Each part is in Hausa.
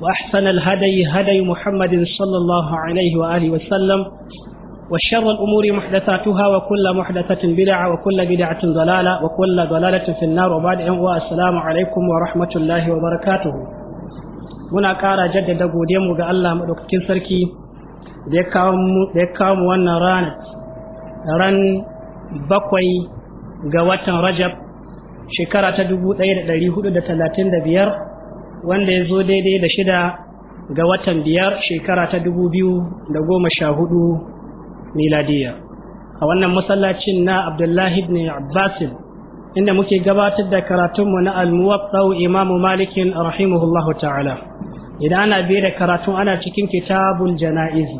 وأحسن الهدي هدي محمد صلى الله عليه وآله وسلم وشر الأمور محدثاتها وكل محدثة بدعة وكل بدعة ضلالة وكل ضلالة في النار وبعد السلام عليكم ورحمة الله وبركاته muna ƙara jaddada mu ga Allah maɗaukakin sarki da ya kawo mu wannan ranar ran bakwai ga watan rajab shekara ta 1435 wanda ya zo daidai da shida ga watan biyar shekara ta dubu biyu da goma sha hudu miladiya a wannan masallacin na abdullahi ibn abbasin inda muke gabatar da karatunmu na almuwaffau imamu malikin rahimahullahu ta'ala idan ana biye da karatun ana cikin kitabul jana'izi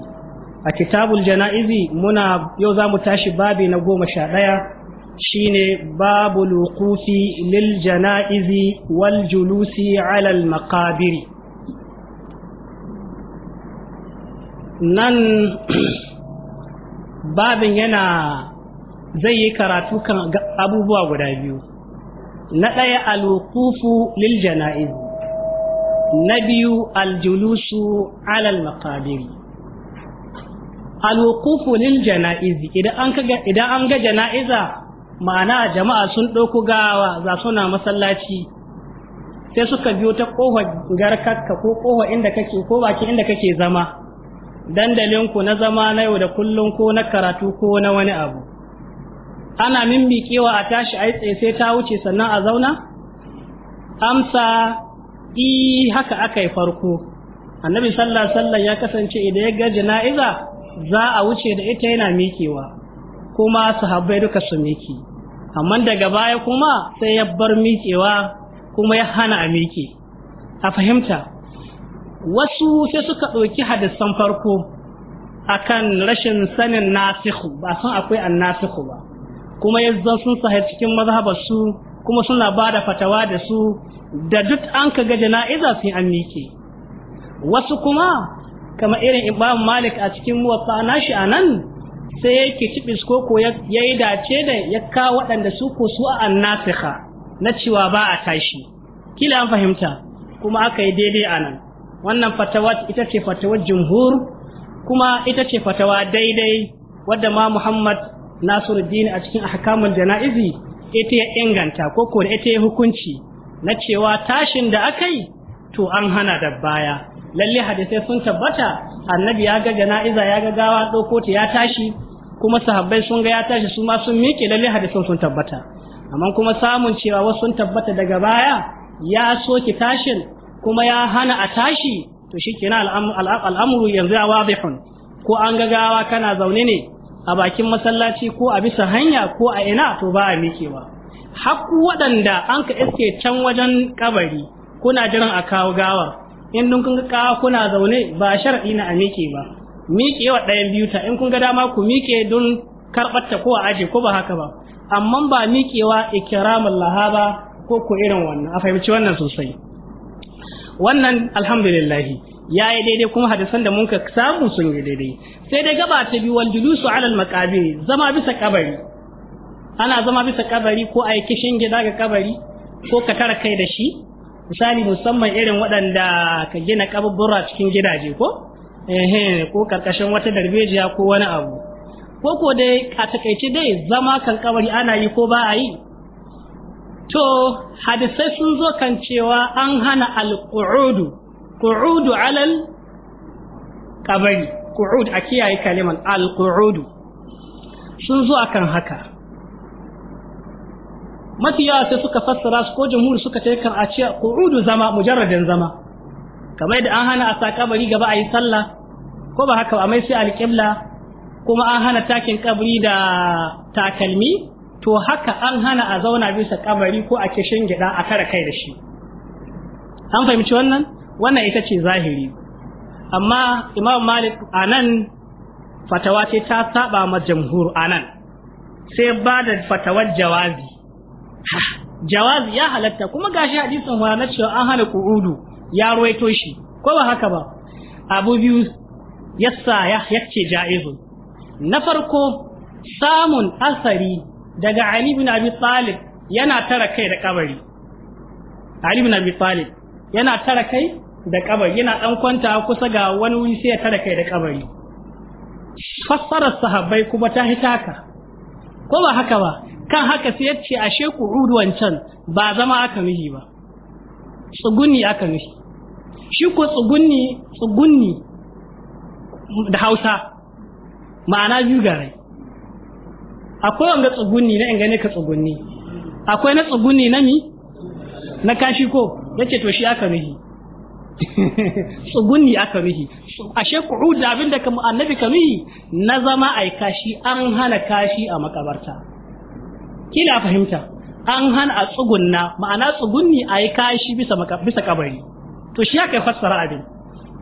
a kitabul jana'izi muna yau za mu tashi babi na goma sha ɗaya shine babu lukufi lil jana'izi wal julusi alal makabiri nan babin yana zai yi karatu kan abubuwa guda biyu na ɗaya alwukufu lil jana'izi na biyu aljulusu alal makabiri alwukufu lil jana'izi idan an ga jana'iza ma'ana jama'a sun ɗauko gawa za suna masallaci sai suka biyo ta ƙofa garkarka ko ƙofa inda kake ko bakin inda kake zama dandalinku na zama na yau da kullum ko na karatu ko na wani abu ana mimmiƙewa a tashi a tsaye sai ta wuce sannan a zauna amsa i haka aka yi farko annabi sallallahu alaihi ya kasance idan ya ga jana'iza za a wuce da ita yana miƙewa kuma sahabbai duka su miki amma daga baya kuma sai ya bar miƙewa kuma ya hana a miƙe a fahimta wasu sai suka ɗauki hadisan farko akan rashin sanin nasihu ba san akwai an nasihu ba kuma yanzu sun sahi cikin mazhabarsu, kuma suna ba da fatawa da su da duk an ka ga jana'iza sai an miƙe wasu kuma kama irin imam malik a cikin muwatta nashi a nan sai yake cibis ko ya yi dace da ya kawo waɗanda su ko su a annasika na cewa ba a tashi kila an fahimta kuma aka yi daidai a nan wannan fatawa ita ce fatawar jumhur kuma ita ce fatawa daidai wadda ma muhammad nasiruddin a cikin ahkamul jana'izi ita ya inganta ko ko ita ya hukunci na cewa tashin da aka yi to an hana da baya lalle hadisai sun tabbata annabi ya ga jana'iza ya ga gawa ɗauko ta ya tashi kuma sahabbai sun ga ya tashi su ma sun miƙe lalle hadisan sun tabbata amma kuma samun cewa wasu sun tabbata daga baya ya soki tashin kuma ya hana a tashi to shi na al'amuru yanzu ya wadihun ko an ga gawa kana zaune ne a bakin masallaci ko a bisa hanya ko a ina to ba a miƙewa hakku waɗanda an ka iske can wajen kabari kuna jiran a kawo gawar in dun kun ga kuna zaune ba shar'i na a miƙe ba miƙe wa ɗayan biyu ta in kun ga dama ku miƙe don karɓar ta ko a aje ko ba haka ba amma ba miƙewa ikramul lahaba ba ko ku irin wannan a fahimci wannan sosai wannan alhamdulillah ya yi daidai kuma hadisan da mun ka samu sun yi daidai sai dai gaba ta biyu wal julusu alal maqabir zama bisa kabari ana zama bisa kabari ko a yi kishin gida ga kabari ko ka tara kai da shi misali musamman irin waɗanda ka gina kaburbura cikin gidaje ko eh ko karkashin wata darbejiya ko wani abu ko ko dai a takaice dai zama kan kabari ana yi ko ba a yi to hadisai sun zo kan cewa an hana al-qu'udu qu'udu alal kabari qu'ud a kiyaye kaliman al-qu'udu sun zo akan haka yawa sai suka fassara su ko Jamhuri suka ce kar a ce qu'udu zama mujarradin zama kamar da an hana a sa kabari gaba ayi sallah ko ba haka ba mai sai alƙibla kuma an hana takin kabari da takalmi to haka an hana a zauna bisa kabari ko a kishin gida a kare kai da shi an fahimci wannan wannan ita ce zahiri amma imam malik anan nan fatawa ce ta saba ma jamhur a nan sai ba da fatawar jawazi jawazi ya halatta kuma gashi hadisin wa na cewa an hana ku'udu ya ruwaito shi ko ba haka ba abu biyu yassa ya yace ja'izu na farko samun asari daga Ali ibn Abi Talib yana tara kai da kabari Ali ibn Abi Talib yana tara kai da kabari yana dan kwanta kusa ga wani wuri sai ya tara kai da kabari fassara sahabbai kuma ta hitaka ko ba haka ba kan haka sai ya ce ashe qu'udu wancan ba zama aka nufi ba tsugunni aka nufi shi ko tsugunni tsugunni da Hausa ma'ana biyu rai, akwai wanga tsugunni na ingane ka tsugunni akwai na tsugunni na mi na kashi ko ya ce to shi aka nufi tsugunni aka nufi ashe qu'ud abinda ka mu'annabi ka nufi na zama ai kashi an hana kashi a makabarta kila fahimta an hana a tsugunna ma'ana tsugunni a yi kashi bisa bisa kabari to shi aka fassara abin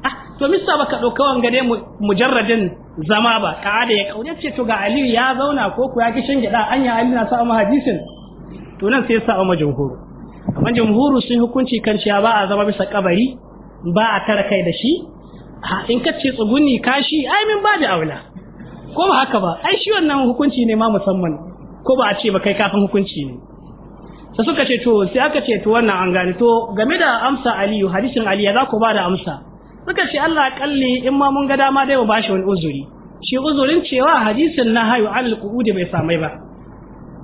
ah to mista baka ɗauka wanga ne mujarradin zama ba ka'ada ya ce to ga aliyu ya zauna ko ku ya ki gida an ya aliyu na sa mu hadisin to nan sai ya sa mu jumhuru amma jumhuru sun hukunci kan cewa ba a zama bisa kabari ba a tara kai da shi ah, in ka ce tsugunni kashi ai min ba da aula ko ba haka ba ai shi wannan hukunci ne ma musamman ko ba a ce ba kai kafin hukunci ne sai suka ce to sai aka ce to wannan an gane to game da amsa aliyu hadisin ali ya za ku ba da amsa suka ce Allah kalli in ma mun ga dama dai mu ba shi wani uzuri shi uzurin cewa hadisin na hayu alal qu'udi bai samai ba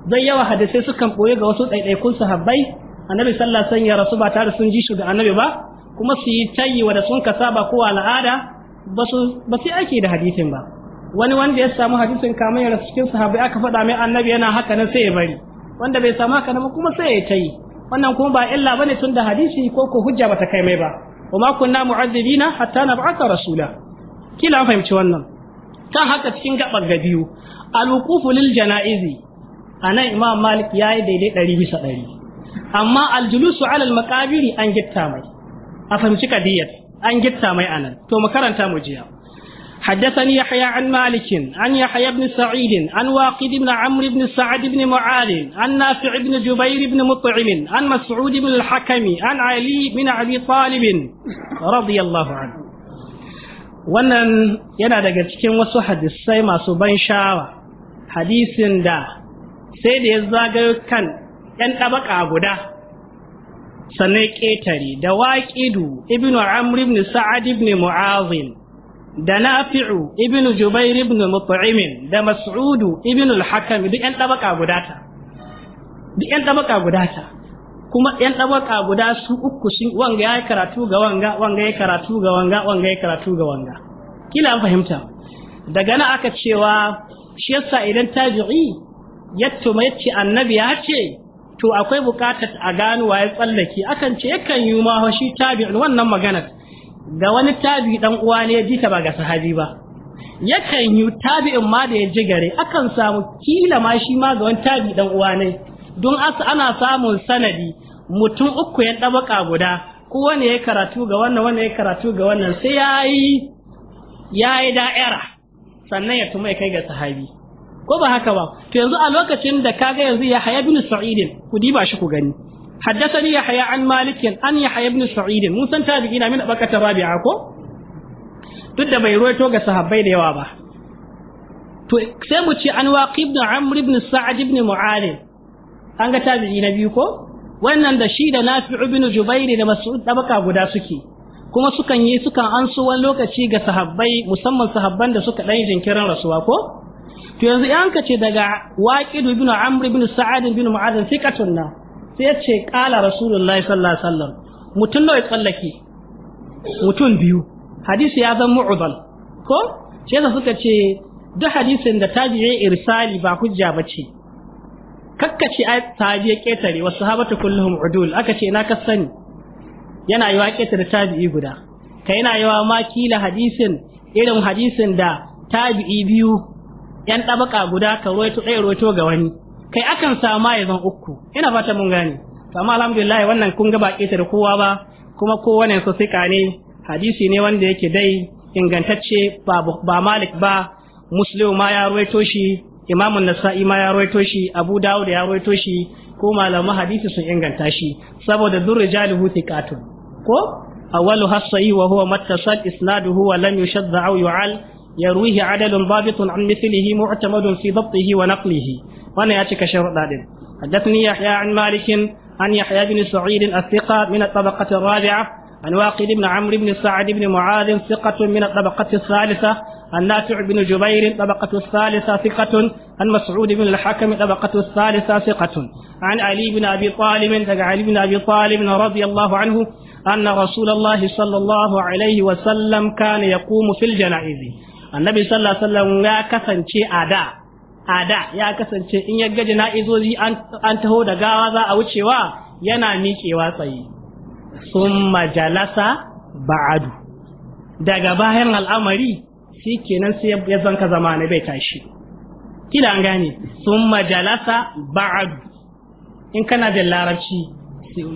zai yawa hadisai sukan koyi ga wasu ɗaiɗaikun sahabbai annabi sallallahu alaihi wasallam ya rasu ba tare sun ji shi ga annabi ba kuma su yi tayi wa da sun kasaba ko al'ada ba su ba sai ake da hadisin ba wani wanda ya samu hadisin kamar ya rasu cikin sahabbai aka faɗa mai annabi yana haka nan sai ya bari wanda bai samu haka nan kuma sai ya tayi wannan kuma ba illa bane tun da hadisi ko ko hujja bata kai mai ba wa ma kunna mu'azzibina hatta nab'atha rasula kila fahimci wannan kan haka cikin gabar ga biyu al-wuqufu lil janaizi anan imam malik yayi daidai 100 bisa amma al-julusu ala al-maqabiri an gitta mai a fahimci kadiyat an gitta mai anan to makaranta mu jiya حدثني يحيى عن مالك عن يحيى بن سعيد عن واقد بن عمرو بن سعد بن معاذ عن نافع بن جبير بن مطعم عن مسعود بن الحكم عن علي بن ابي طالب رضي الله عنه wannan yana daga cikin wasu hadisai masu ban sha'awa hadisin da sai da ya zagayo kan ɗan ɗabaka guda sannan ƙetare da waƙidu ibnu amr ibn sa'ad ibn mu'azin da nafi'u ibn jubair ibn mut'im da mas'udu ibn al-hakam duk yan tabaka guda ta duk yan tabaka guda ta kuma yan tabaka guda su uku sun wanga ya karatu ga wanga wanga ya karatu ga wanga wanga ya karatu ga wanga kila an fahimta daga nan aka cewa shi yasa idan tabi'i tuma yace annabi ya ce to akwai bukatar a gano waye tsallake akan ce yakan yi ma shi tabi'in wannan maganar ga wani tabi dan uwa ne ya ji ta ba ga sahabi ba yakan yi tabi'in ma da ya ji gare akan samu kila ma shi ma ga wani tabi dan uwa ne don asa ana samun sanadi mutum uku ya ɗabaka guda ko wani ya karatu ga wannan wani ya karatu ga wannan sai ya yi ya da'ira sannan ya tuma ya kai ga sahabi ko ba haka ba to yanzu a lokacin da kaga yanzu ya haya sa'idin ku diba shi ku gani حدثني يحيى عن مالك عن يحيى بن سعيد من سن تابعين من بكة رابعة كو تد da bai ruwaito ga sahabbai da yawa ba to sai mu بن an waqi ibn amr ibn sa'd ibn mu'adh an ga tabi'i na wannan da shi da nafi'u ibn jubair da mas'ud tabaka guda suke kuma sukan yi sukan su wani lokaci ga sahabbai musamman sahabban da suka ɗan jinkirin rasuwa ko to yanzu in ka ce daga waqidu ibn amr ibn sa'ad ibn mu'adh thiqatun na sai ce kala rasulullahi sallallahu alaihi wasallam mutum nawa tsallake mutum biyu hadisi ya zama mu'udal ko sai da suka ce duk hadisin da tabi'i irsali ba hujja ba bace kakkace ai tabi'i ketare wasu habata kulluhum udul aka ce na ka sani yana wa ketare tabi'i guda ka yana yiwa ma kila hadisin irin hadisin da tabi'i biyu yan ɗabaka guda ka roito ɗaya roito ga wani kai akan sama ya zan uku ina fata mun gane to amma alhamdulillah wannan kun ga ba da kowa ba kuma kowane su sika ne hadisi ne wanda yake dai ingantacce ba ba malik ba muslim ma ya ruwaito shi imam nasa'i ma ya ruwaito shi abu dawud ya ruwaito shi ko malaman hadisi sun inganta shi saboda durrijaluhu thiqatun ko awwalu hasayi wa huwa mattasal isnaduhu wa lam yushadda aw yu'al يرويه عدل ضابط عن مثله معتمد في ضبطه ونقله وانا ya cika sharuɗa حدثني يحيى عن مالك عن يحيى بن سعيد الثقه من الطبقه الرابعه عن واقد بن عمرو بن سعد بن معاذ ثقة من الطبقة الثالثة عن نافع بن جبير الطبقة الثالثة ثقة عن مسعود بن الحكم الطبقة الثالثة ثقة عن علي بن أبي طالب علي بن أبي طالب رضي الله عنه أن رسول الله صلى الله عليه وسلم كان يقوم في الجنائز النبي صلى الله عليه وسلم لا كفن شيء أداء a da ya kasance in ya gaji izozi an taho da gawa za a wucewa yana miƙewa tsaye sun majalasa ba'adu daga bayan al'amari shi kenan sai ya zanka zama na bai tashi kila an gane sun majalasa ba'adu in kana da larabci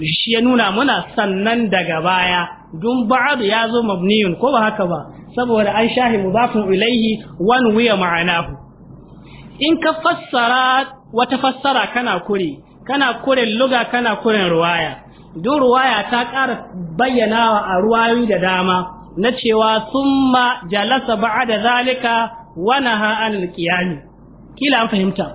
shi ya nuna muna sannan daga baya dun ba'adu ya zo mabniyun ko ba haka ba saboda an shahi mudafin ilaihi wan wuya ma'anahu in ka fassara wata fassara kana kure kana kure luga kana kuren ruwaya duk ruwaya ta ƙara bayyanawa a ruwayoyi da dama na cewa summa jalasa ba'da zalika wa naha anil kila an fahimta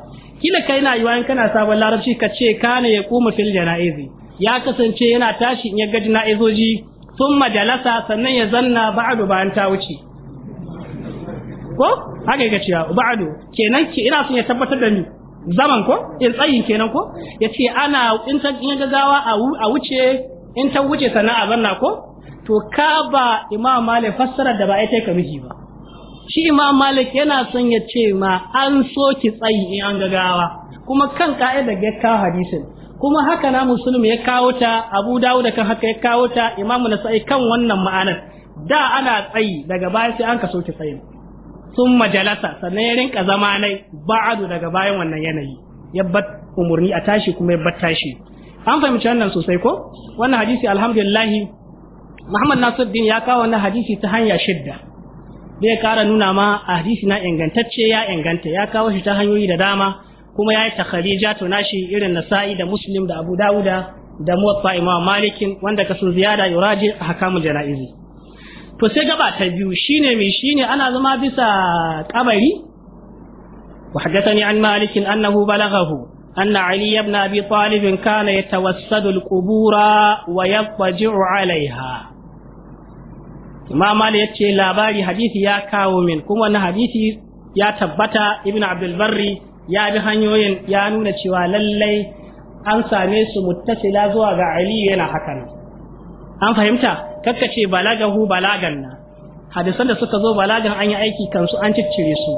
kila kai na yiwa in kana sabon larabci ka ce kana ya kuma fil janaizi ya kasance yana tashi in ya ga janaizoji summa jalasa sannan ya zanna ba'du an ta wuce ko haka yake cewa ba'du kenan ke ina son ya tabbatar da ni zaman ko in eh, tsayin kenan ko yace ana in ta in a wuce in ta wuce sana'a zanna ko to ka ba imam malik fassara da ba ai ka miji ba shi imam malik yana son ya ce ma an soki tsayi in an gawa. kuma kan ka'ida ga kawo hadisin kuma haka na musulum ya kawo ta abu dawo da kan haka ya kawo ta imamu nasa'i kan wannan ma'anar da ana tsayi daga baya sai an ka soke tsayin sun majalasa sannan ya rinka zama nai ba'adu daga bayan wannan yanayi ya bat umarni a tashi kuma ya bat tashi an fahimci wannan sosai ko wannan hadisi alhamdulillah Muhammad Nasiruddin ya kawo wannan hadisi ta hanya shidda bai kara nuna ma a hadisi na ingantacce ya inganta ya kawo shi ta hanyoyi da dama kuma ya yi ja to nashi irin nasa'i da muslim da abu dawuda da muwaffa imam malikin wanda ka sun ziyada a ahkamul janaizi to sai gaba ta biyu shine me shine ana zama bisa kabari wa hadathani an malik annahu balaghahu anna ali ibn abi talib kana yatawassadu al wa yadji'u 'alayha imam malik yace labari hadisi ya kawo min kuma wannan hadisi ya tabbata ibn abdul barri ya bi hanyoyin ya nuna cewa lallai an same su muttasila zuwa ga ali yana hakan an fahimta kakkace balagahu balagan na hadisan da suka zo balagan an yi aiki kansu an ciccire su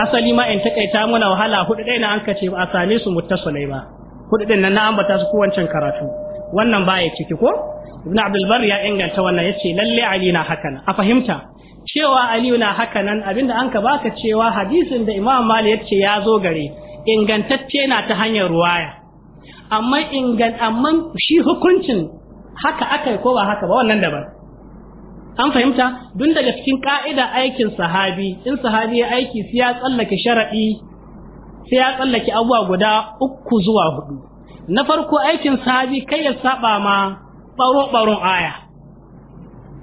hasali ma in takaita muna wahala hudu ɗaya na an kace ba a same su muttasalai ba hudu din nan na ambata su kowancan karatu wannan baya ciki ko ibn abdul bar ya inganta wannan yace lalle ali na hakan a fahimta cewa aliyu na haka nan abinda an ka baka cewa hadisin da imam mali yace ce ya zo gare ingantacce na ta hanyar ruwaya amma ingan amma shi hukuncin haka aka yi ko ba haka ba wannan daban an fahimta dun daga cikin ka'ida aikin sahabi in sahabi ya aiki sai ya tsallake sharaɗi sai ya tsallake abubuwa guda uku zuwa hudu na farko aikin sahabi kai ya saba ma baro baron aya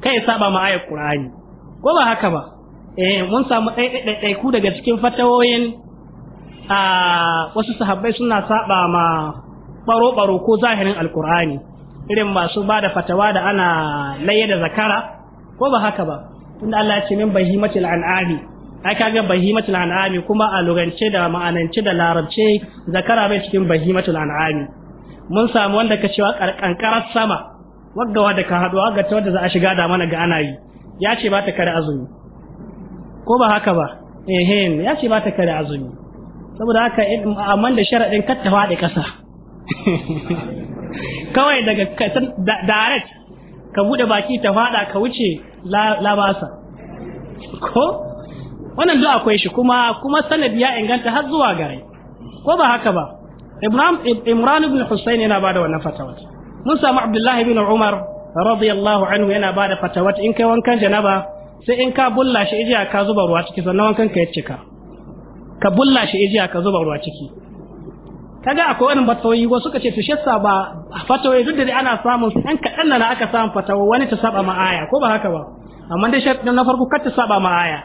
kai ya saba ma ayar qur'ani ko ba haka ba eh mun samu ɗaiɗaiku ku daga cikin fatawoyin a ah, wasu sahabbai suna saba ma baro baro ko zahirin alqur'ani irin masu ba da fatawa da ana laye da zakara ko ba haka ba tunda Allah ya ce min bahimatul an'ami ai kaga bahimatul an'ami kuma a lugance da ma'anance da larabce zakara bai cikin bahimatul an'ami mun samu wanda ka cewa karkankarar sama waggawa da ka haɗu ga ta wanda za a shiga da mana ga ana yi ya ce ba ta kare azumi ko ba haka ba eh ya ce ba ta kare azumi saboda haka amman da sharaɗin kattawa da kasa ƙasa kawai daga kasan direct ka bude baki ta fada ka wuce labasa ko wannan duk akwai shi kuma kuma sanadi ya inganta har zuwa gare ko ba haka ba Ibrahim Imran ibn Husayn yana bada wannan fatawa mun samu Abdullahi ibn Umar radiyallahu anhu yana bada fatawa in kai wankan janaba sai in ka bulla shi ijiya ka zuba ruwa ciki sannan wankan ka ya cika ka bulla shi ijiya ka zuba ruwa ciki kaga akwai wani fatawoyi wasu suka ce to sa ba fatawai duk da dai ana samun su ɗan kaɗan na aka samu fatawa wani ta saba ma aya ko ba haka ba amma dai sharaɗin na farko kar ta saba ma aya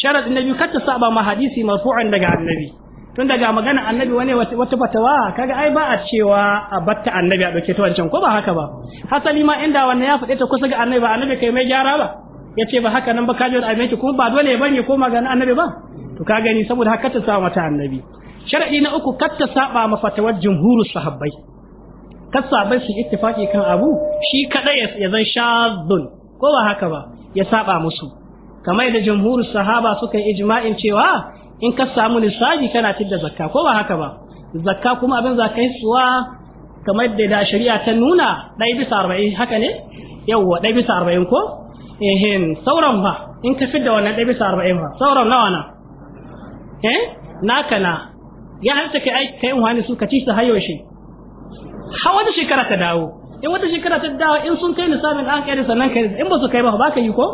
sharaɗin na biyu kar ta saba ma hadisi marfu'an daga annabi tun daga magana annabi wani wata fatawa kaga ai ba a cewa a batta annabi a ɗauke ta wancan ko ba haka ba hasali ma inda wannan ya faɗe ta kusa ga annabi ba annabi kai mai gyara ba ya ce ba haka nan ba ka ji wani kuma ba dole ya bari ko magana annabi ba to ka gani saboda haka ta saba mata annabi sharadi na uku katta saba ma fatawar jumhurus sahabbai kar sahabbai su ittifaki kan abu shi kada ya zan shadun ko ba haka ba ya saba musu kamar da jumhurus sahaba suka yi ijma'in cewa in ka samu nisabi kana tidda zakka ko ba haka ba zakka kuma abin yi suwa kamar da da shari'a ta nuna Ɗai bisa arba'in haka ne yawwa ɗai bisa arba'in ko ehin sauran ba in ka fidda wannan ɗai bisa arba'in ba sauran nawa na eh naka na ya halitta ka aiki kai wani su ka ci su hayo shi har wata shekara ta dawo in wata shekara ta dawo in sun kai nisabin an kai sannan kai in ba su kai ba ba ka yi ko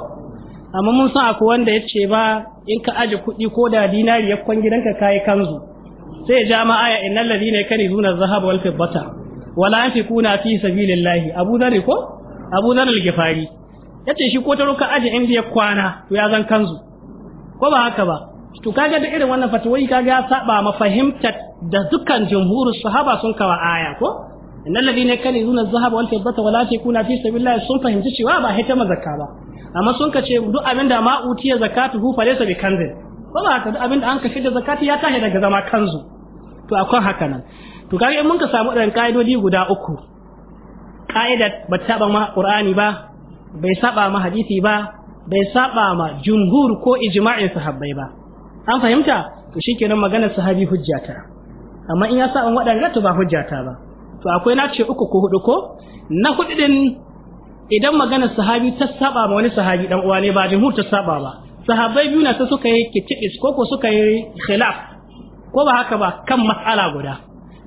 amma mun san akwai wanda ya ce ba in ka aje kuɗi ko da dinari ya kwan gidanka kayi kanzu sai ya ja ma aya innal ladina yakunizuna zahab wal fiddata wala yanfiquna fi sabilillahi abu dhar ko abu dhar al gifari yace shi ko ta ka aje in ya kwana to ya zan kanzu ko ba haka ba to kaga da irin wannan fatawai kaga ya saba ma fahimtar da dukkan jumhurus sahaba sun kawa aya ko innal ladina kanizuna adh-dhahaba wal fiddata wala takuna fi sabilillah sun fahimci cewa ba hita mazakka ba amma sun kace duk da ma utiya fa laysa bi kanzin ko ba ka duk abinda an kashe da zakati ya tashi daga zama kanzu to akwai haka nan to kaga in mun ka samu dan ka'idodi guda uku ka'idar ba ta ba ma qur'ani ba bai saba ma hadisi ba bai saba ma jumhur ko ijma'in sahabbai ba an fahimta to shikenan maganar sahabi hujjata amma in ya sa an waɗanda to ba hujjata ba to akwai na ce uku ko hudu ko na hudu din idan maganar sahabi ta saba ma wani sahabi dan uwa ne ba jumhur ta saba ba sahabbai biyu na ta suka yi kitibis ko ko suka yi khilaf ko ba haka ba kan mas'ala guda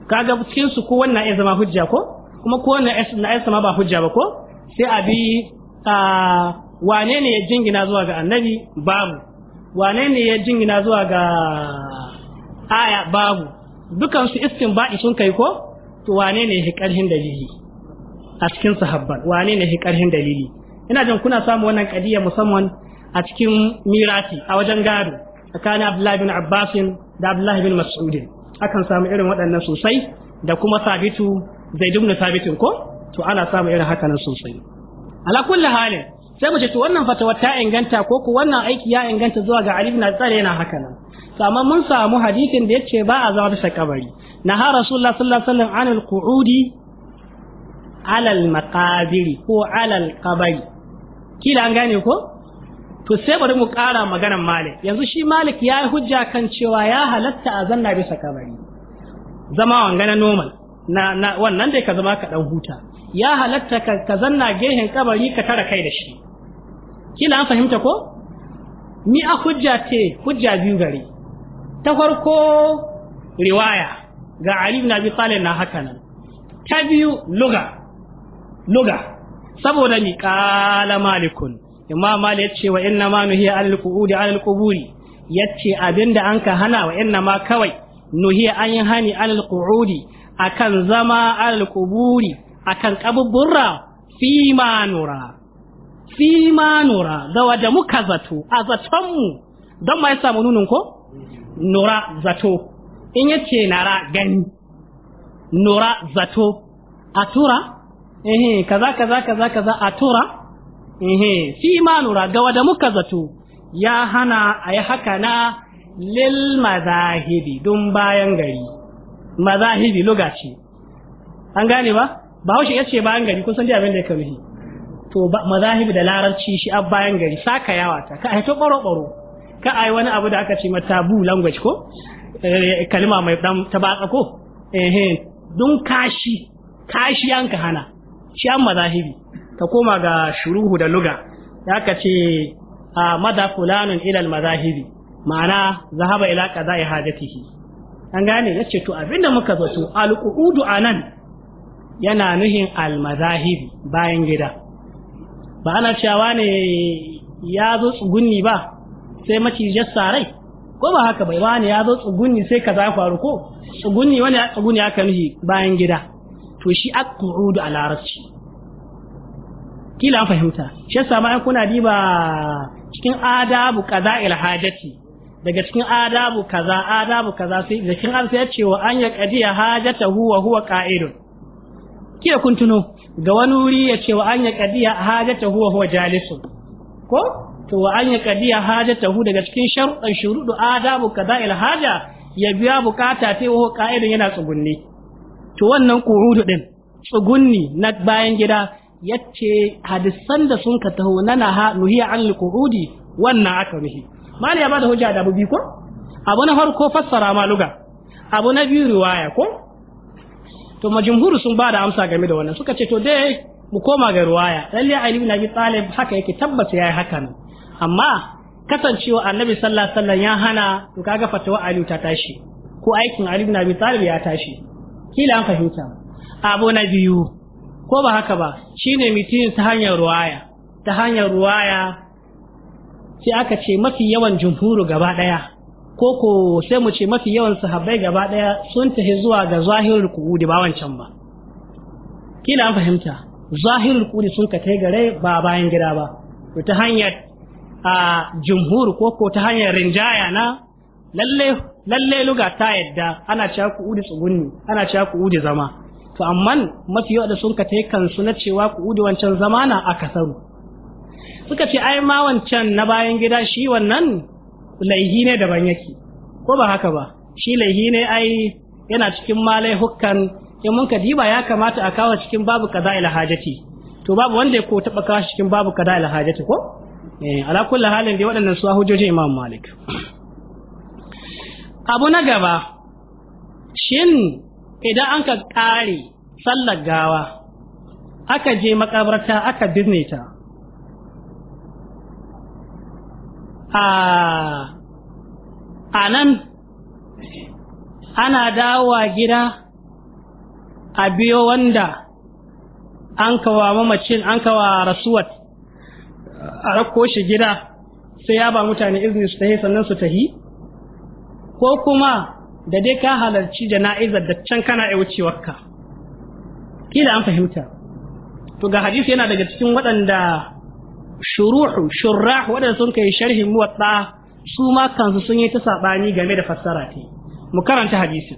kaga cikin su ko wannan ya zama hujja ko kuma ko wannan na ya zama ba hujja ba ko sai abi a wane ne ya jingina zuwa ga annabi babu wane ne ya jingina zuwa ga aya babu dukansu iskin ba'i sun kai ko to wane ne ya karhin dalili a cikin sahabban wane ne ya karhin dalili ina jin kuna samu wannan kadiya musamman a cikin mirasi a wajen gado tsakanin Abdullahi bin Abbas da Abdullahi bin Mas'ud akan samu irin waɗannan sosai da kuma Sabitu Zaid ibn sabitin ko to ana samu irin haka nan sosai ala kulli halin sai mu ce to wannan fatawar ta inganta ko ku wannan aiki ya inganta zuwa ga Ali ibn Abi Talib yana haka nan to amma mun samu hadisin da yace ba a zama bisa kabari na ha Rasulullah sallallahu alaihi wasallam anil qu'udi al maqabiri ko al qabari kila an gane ko to sai bari mu ƙara maganar malik yanzu shi malik ya yi hujja kan cewa ya halatta a zanna bisa kabari zama wangana normal na, na wannan dai ka zama ka dan huta ya halatta ka, ka zanna gehen kabari ka tara kai da shi kila an fahimta ko ni a hujja ce hujja biyu gari, ta farko riwaya ga Ali ibn Abi Talib na haka nan ta biyu luga luga saboda ni kala malikun imam malik ce wa inna ma nuhiya al qu'udi al quburi yace abinda an ka hana wa inna ma kawai nuhiya an yi hani al qu'udi akan zama al quburi akan kaburra fi ma nura fi ma nura da wada muka zato a zatonmu don ma ya samu nunin ko nura zato in ya ce nara gani nura zato a tura ehe kaza kaza kaza kaza a tura ehe fi ma nura da wada muka zato ya hana a yi haka na lil mazahibi don bayan gari mazahibi lugaci an gane ba ba haushe ya ce bayan gari kusan san abin da ya karuhi to mazahib da larabci shi a bayan gari saka yawa ta ka aito baro baro ka ai wani abu da aka ce ma tabu language ko eh, kalma mai dan tabaka ko eh dun kashi kashi an ka hana shi an mazahibi ka koma ga shuruhu da luga da aka ce a madha fulanun ila al mazahibi ma'ana zahaba ila qada'i hajatihi an gane yace ce to abinda muka zato al a nan yana nuhin al' mazahibi bayan gida ba ana cewa ne ya zo tsugunni ba sai macijar sarai ko ba haka bai wani ya zo tsugunni sai ka za faru ko tsugunni wani ya tsugunni aka nufi bayan gida to shi a ku'udu a larabci kila an fahimta shi yasa ma kuna diba cikin adabu kaza ilhajati daga cikin adabu kaza adabu kaza sai da cikin an sai cewa an ya qadiya hajatahu huwa qa'idun kila kun tuno ga wani wuri ya ce wa anya kadiya hajata huwa huwa jalisun ko to wa anya kadiya hajata hu daga cikin sharuɗan shurudu adabu il haja ya biya bukata ta wa yana tsugunni to wannan kurudu din tsugunni na bayan gida yace hadisan da sun ka taho nana ha nuhiya an qurudi wannan aka nuhi mali ya bada hujja da bi ko abu na farko fassara ma luga abu na biyu riwaya ko to majumhuru sun ba da amsa game da wannan suka ce to dai mu koma ga ruwaya lalle ali ibn abi talib haka yake tabbata yayi haka ne amma kasancewa annabi sallallahu alaihi wasallam ya hana to kaga fatawa ali ta tashi ko aikin ali ibn abi talib ya tashi kila an fahimta abu na biyu ko ba haka ba shine mitin ta hanyar ruwaya ta hanyar ruwaya sai aka ce mafi yawan jumhuru gaba daya ko ko sai mu ce mafi yawan sahabbai gaba daya sun tafi zuwa ga zahirul qu'udi ba wancan ba kila an fahimta zahirul qu'udi sun ka tai gare ba bayan gida ba to ta hanyar a jumhur ko ko ta hanyar rinjaya na lalle lalle luga ta yadda ana cewa qu'udi tsugunni ana cewa qu'udi zama to amma mafi yawa da sun ka tai kansu na cewa qu'udi wancan zamana sanu. suka ce ai ma wancan na bayan gida shi wannan laihi ne daban yake ko ba haka ba shi laihi ne ai yana cikin malai hukkan in mun ka diba ya kamata a kawo cikin babu kaza ila hajati to babu wanda ya ko taba kawo cikin babu kaza ila hajati ko eh ala kulli halin dai waɗannan su hujjojin Imam Malik abu na gaba shin idan an ka kare sallar gawa aka je makabarta aka binne a nan ana dawowa gida a biyo wanda an kawa mamacin an kawa rasuwat a rakko shi gida sai ya ba mutane izini su tahi sannan su tahi ko kuma da dai ka halarci jana'izar da can kana ya ka kila an fahimta to ga hadisi yana daga cikin waɗanda شروح shurrah waɗanda سنك kai موطا سوما كان ma kansu sun yi ta تهديس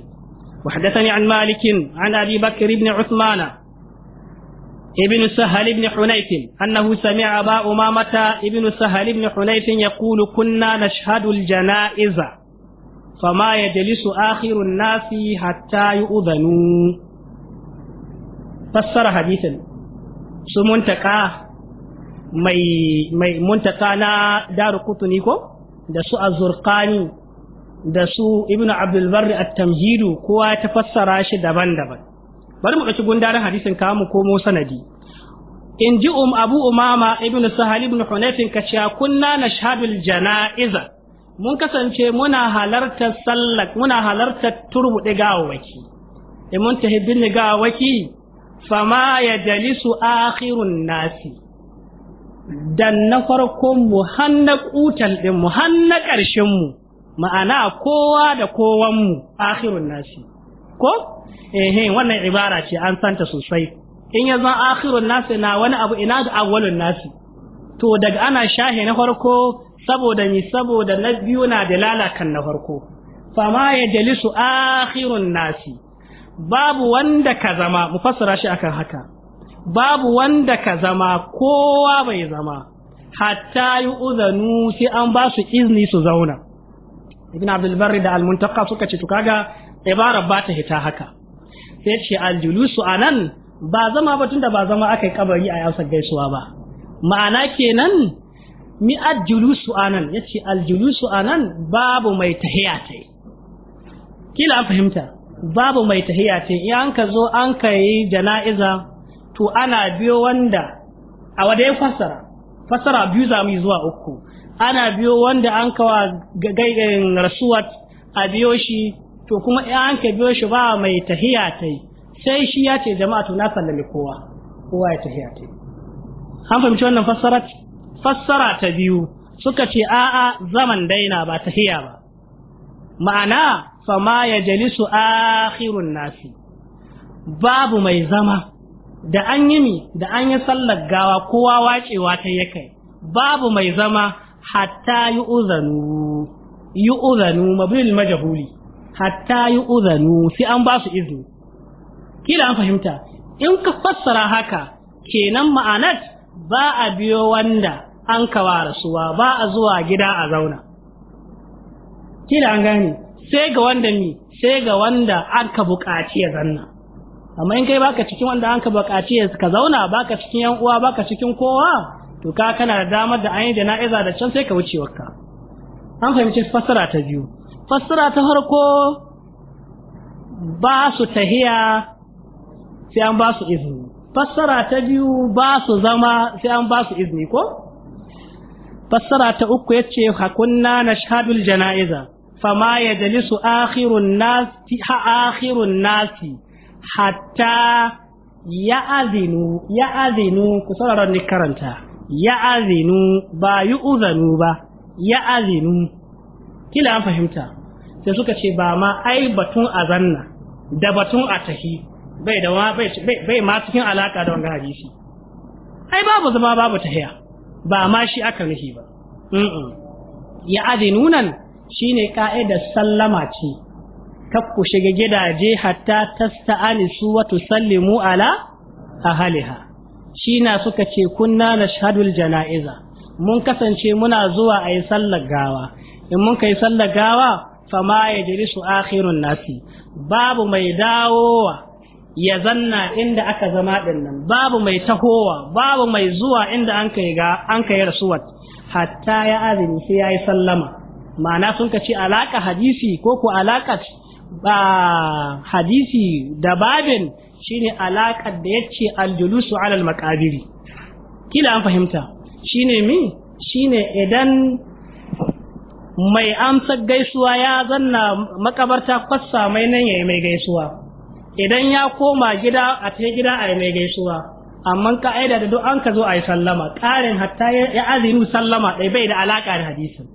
وحدثني عن مالك عن أبي بكر بن عثمان ابن سهل بن حنيف أنه سمع أبا أمامة ابن سهل بن حنيف يقول كنا نشهد الجنائز فما يجلس آخر الناس حتى يؤذنوا فسر حديثا سمنتقاه mai mai muntaka na daru kutuni ko da su azurqani da su ibnu abdul barri at-tamhidu kowa ya tafassara shi daban-daban bari mu dauki gundarin hadisin kawo mu komo sanadi in ji um abu umama ibnu sahal ibnu hunayfin kaciya kunna nashhadul janaiza mun kasance muna halartar sallar muna halartar turbuɗe gawawaki in mun tahibbin gawawaki fama ya jalisu akhirun nasi dan na farkon mu har kutal din mu har na ƙarshen mu ma'ana kowa da kowanmu mu nasi ko eh wannan ibara ce an santa sosai in ya zan akhirun nasi na wani abu ina da awwalun nasi to daga ana shahe na farko saboda ni saboda na biyu na dalala kan na farko fama ya jalisu akhirun nasi babu wanda ka zama mu fassara shi akan haka babu wanda ka zama kowa bai zama hatta yi uzanu sai an ba su izini su zauna ibn abdulbarri da almuntaka suka ce to ga. ibara ba ta hita haka sai ce aljulusu anan ba zama ba tunda ba zama aka yi kabari a yasar gaisuwa ba ma'ana kenan mi aljulusu anan ce aljulusu nan babu mai tahiya ta kila an fahimta babu mai tahiya ta in an ka zo an ka yi jana'iza to ana biyo wanda a wada ya fassara fassara biyu za mu yi zuwa uku ana biyo wanda an kawa gaigayin eh, rasuwat a biyo shi to kuma in an ka biyo shi ba mai tahiya ta yi sai shi ya ce jama'a to na sallami kowa kowa ya tahiya ta yi an fahimci wannan fassara fassara ta biyu suka ce a'a zaman daina ba tahiya ba ma'ana fama ya jalisu akhirun nasi babu mai zama da an yi ni da an yi sallar gawa kowa wacewa ta ya kai babu mai zama hatta yi uzanu yi uzanu mabin majahuli hatta yi uzanu sai an ba su izini kila an fahimta in ka fassara haka kenan ma'anar ba a biyo wanda an kawa rasuwa ba a zuwa gida a zauna kila an gani, sai ga wanda mi sai ga wanda an buƙaci ya zanna amma in kai baka cikin wanda an ka bukaci ya ka zauna baka cikin yan uwa baka cikin kowa to ka kana da damar da an yi jana'iza da can sai ka wuce wakka an fahimci fassara ta biyu fassara ta farko ba su tahiya sai an ba su izini fassara ta biyu ba su zama sai an ba su izini ko fassara ta uku yace hakunna nashhadul jana'iza fama yajlisu akhirun nas akhirun nasi hatta ya azinu ku sauraron ni karanta azinu ba uzanu ba azinu kila an fahimta sai suka ce ba ma ai batun azanna da batun atahi bai da bai bai ma cikin alaka da wannan hadisi ai babu zama babu tahiya ba ma shi aka nufi ba mm ya adinunan shine ka'idar sallama ce kaf ku shiga gidaje hatta tasta'anisu wa tusallimu ala ahliha na suka ce kunna nashhadul janaiza mun kasance muna zuwa ayi sallar gawa in mun kai sallar gawa fama ya jiri su akhirun nasi babu mai dawowa ya zanna inda aka zama dinnan babu mai tahowa babu mai zuwa inda an kai ga an kai rasuwat hatta ya azumi sai ya yi sallama ma'ana sun ka ce alaka hadisi ko ko alakat ba hadisi da babin shine alaƙar da yace aljulusu alal makabiri kila an fahimta shine mi shine idan mai amsar gaisuwa ya zanna makabarta kwassa mai nan yayi mai gaisuwa idan ya koma gida a ta gida a mai gaisuwa amma ka'ida da duk an ka zo a yi sallama ƙarin hatta ya azinu sallama ɗai bai da alaƙa da hadisin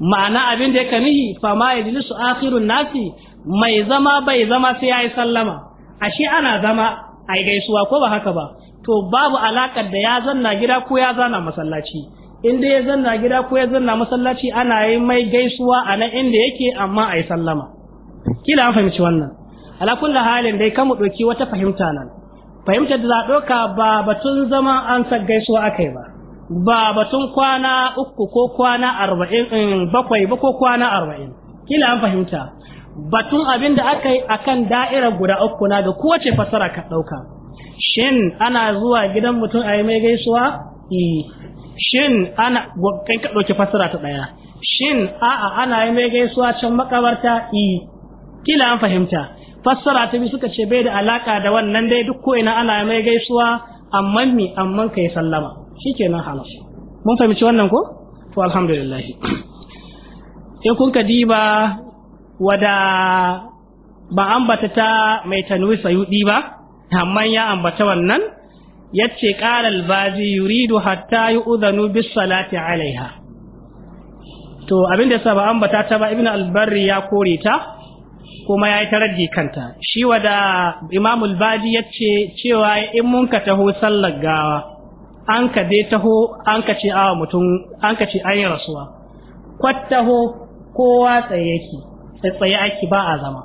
ma'ana abin da ya kamihi fa ma ya jilisu akhirun nasi mai zama bai zama sai ya yi sallama ashe ana zama a yi gaisuwa ko ba haka ba to babu alaƙar da ya zanna gida ko ya zana masallaci in dai ya zanna gida ko ya zanna masallaci ana yi mai gaisuwa a nan inda yake amma a yi sallama kila an fahimci wannan ala kullu halin dai kamu doki wata fahimta nan fahimtar da za doka ba batun zama an san gaisuwa akai ba ba batun kwana uku ko kwana arba'in mm, bakwai ba ko kwana arba'in kila an fahimta batun abin da aka yi akan da'irar guda uku na da kowace fasara ka ɗauka shin ana zuwa gidan mutum a yi mai gaisuwa eh. shin ana kan ka ɗauki fasara ta ɗaya shin a'a ana yi mai gaisuwa can makabarta i eh. kila an fahimta fassara ta biyu suka ce bai da alaka da wannan dai duk ko ina ana yi mai gaisuwa amma mi amma ka yi sallama shikenan halas mun fahimci wannan ko to alhamdulillah in kun ka diba wada ba ambata ta mai tanwi sayudi ba amman ya ambata wannan yace qala al-bazi yuridu hatta yu'dhanu bis salati alaiha to abinda yasa ba ambata ta ba ibnu al-barri ya kore ta kuma yayi taraddi kanta shi wada imam al-bazi yace cewa in mun ka taho sallar gawa an ka dai taho an ka ce awa mutum an ka ce ayi rasuwa kwattaho kowa tsaye yake tsaye ake ba a zama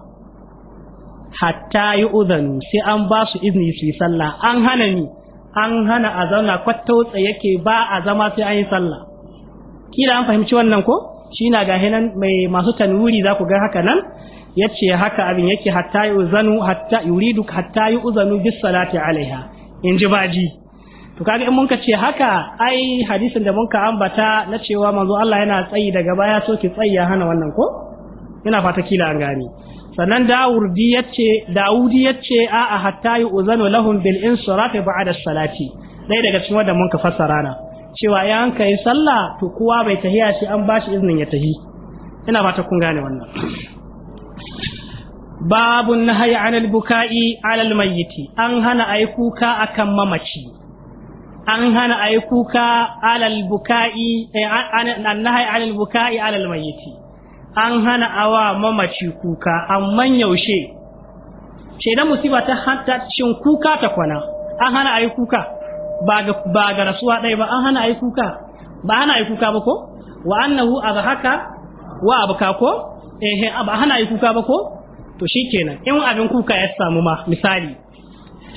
hatta yi uzanu sai an ba su izini su yi sallah an hana ni an hana a zauna kwatta wutsa yake ba a zama sai an yi sallah kila an fahimci wannan ko shi na ga hinan mai masu tanwuri za ku ga haka nan ya ce haka abin yake hatta yi uzanu hatta yuridu hatta yi uzanu bis salati alaiha in ji baji to kaga in mun ka ce haka ai hadisin da mun ka ambata na cewa manzo Allah yana tsayi daga baya so ki tsayi ya hana wannan ko ina fata kila an gane sannan dawudi yace dawudi yace a a hatta yu'zanu lahum bil insirafi ba'da salati dai daga cikin wanda mun ka fassara na cewa ya an kai sallah to kowa bai tahiya shi an bashi iznin ya tahi ina fata kun gane wannan babun nahyi anil buka'i alal mayyiti an hana ayi kuka akan mamaci an hana ayi kuka alal buka'i eh, an nahyi anil buka'i alal mayyiti an hana awa mamaci kuka amma yaushe shaidan musiba ta hanta cin kuka ta kwana an hana ayi kuka ba ga rasuwa ɗaya ba an hana ayi kuka ba hana ayi kuka ba ko wa annahu azhaka wa abka ko eh ba hana ayi kuka ba ko to shikenan in abin kuka ya samu ma misali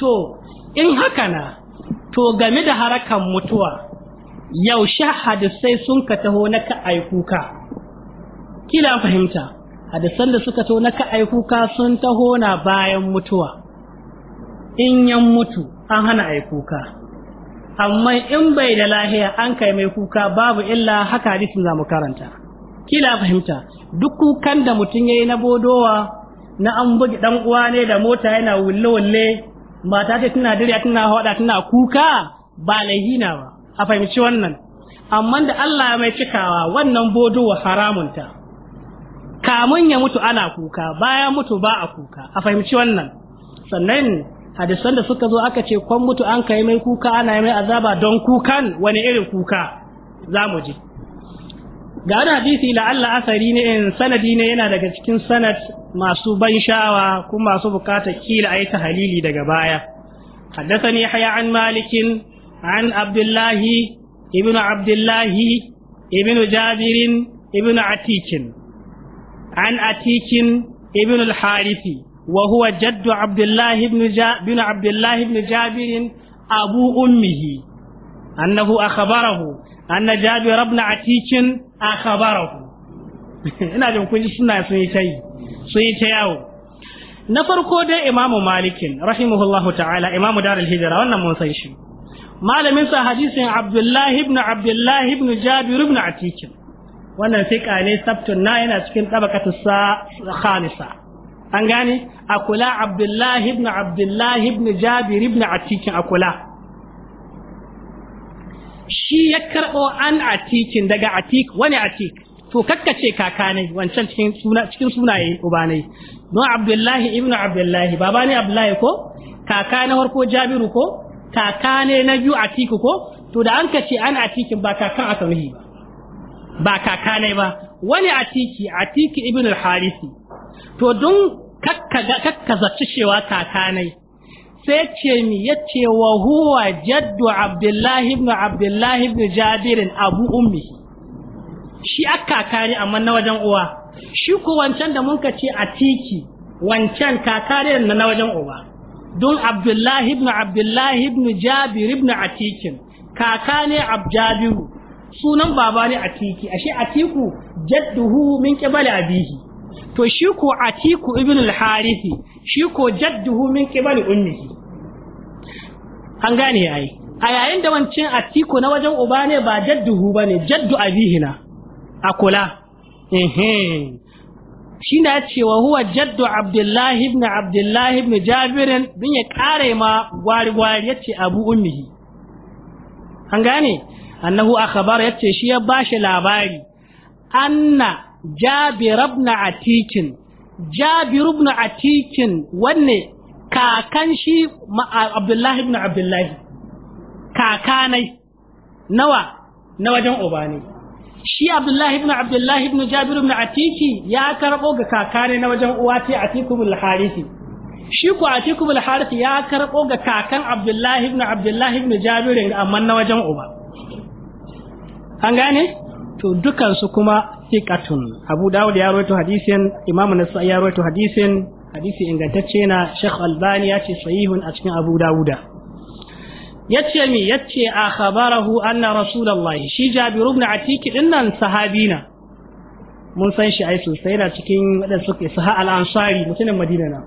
to in haka na to game da harakan mutuwa yaushe hadisai sun ka taho na ka ayi kuka kila fahimta hadisan da suka to na ka aikuka sun taho na bayan mutuwa in yan mutu an hana aikuka amma in bai da lahiya an kai mai kuka babu illa haka hadisin za mu karanta kila fahimta duk kukan da mutum yayi na bodowa na an bugi dan uwa ne da mota yana wulle wulle mata ta tana dirya tana hawada tana kuka ba lahina ba a fahimci wannan amma da Allah mai cikawa wannan bodowa haramunta kamun ya mutu ana kuka bayan mutu ba a kuka a fahimci wannan sannan hadisan da suka zo aka ce kwan mutu an kai mai kuka ana mai azaba don kukan wani irin kuka za mu ji ga wani hadisi la'alla asari ne in sanadi ne yana daga cikin sanad masu ban sha'awa kuma masu bukata kila a yi ta halili daga baya haddasa ne عن an an عبد abdullahi Abdullahi, Ibnu الله Ibnu جابر an atikin ibn al-harithi wa huwa jaddu abdullahi ibn bin abdullahi ibn jabir abu ummihi annahu akhbarahu anna jabir ibn atikin akhbarahu ina jin kun suna yi sun yi ta yawo na farko dai imamu malikin rahimahullahu ta'ala imamu darul wannan mun san shi malamin sa hadisin abdullahi ibn abdullahi ibn jabir atikin wannan fiƙa ne sabtun na yana cikin tabaqatu sa khamisa an gane akula abdullahi ibn abdullahi ibn jabir ibn atikin akula shi ya karɓo an atikin daga atik wani atik to kakkace kaka ne wancan cikin suna cikin sunaye uba no abdullahi ibn abdullahi baba ne abdullahi ko kaka na farko jabiru ko kaka ne na biyu atiku ko to da an kace an atikin ba kakan a nuhi ba ba kakanai ba wani atiki atiki ibn al-harisi to don kakka zaci cewa kakanai sai ce mi yace wa huwa jaddu abdullahi ibn abdullahi ibn jabir abu ummi shi akkakani amma na wajen uwa shi ko wancan da mun ce atiki wancan kakare na wajen uwa? don abdullahi ibn abdullahi ibn jabir ibn atikin kakane abjabiru sunan baba ne atiki ashe atiku jadduhu min kibali abihi to shi ko atiku ibn al harithi shi ko jadduhu min kibali ummihi an gane yayi a yayin da wancin atiku na wajen uba ne ba jadduhu bane jaddu abihi na akula eh shi na cewa huwa jaddu abdullahi ibn abdullahi ibn jabir don ya kare ma gwari-gwari ya ce abu ummihi an gane annahu akhbar yace shi ya bashi labari anna jabir ibn atikin jabir ibn atikin wanne kakan shi abdullahi ibn abdullahi kakanai nawa na wajen uba ne shi abdullahi ibn abdullahi ibn jabir ibn atiki ya karbo ga kakanai na wajen uwa ce atikumul harisi shi ku atikumul harisi ya karbo ga kakan abdullahi ibn abdullahi ibn jabir amma na wajen uba an gane to dukan su kuma thiqatun Abu Dawud ya rawaito hadisin Imam Nasa'i ya rawaito hadisin hadisi ingantacce na Sheikh Albani ya ce sahihun a cikin Abu Dawuda yace mi yace a khabarahu anna rasulullahi shi Jabir ibn Atik din nan sahabina mun san shi ai sosai yana cikin wadanda suke saha al-ansari mutumin Madina na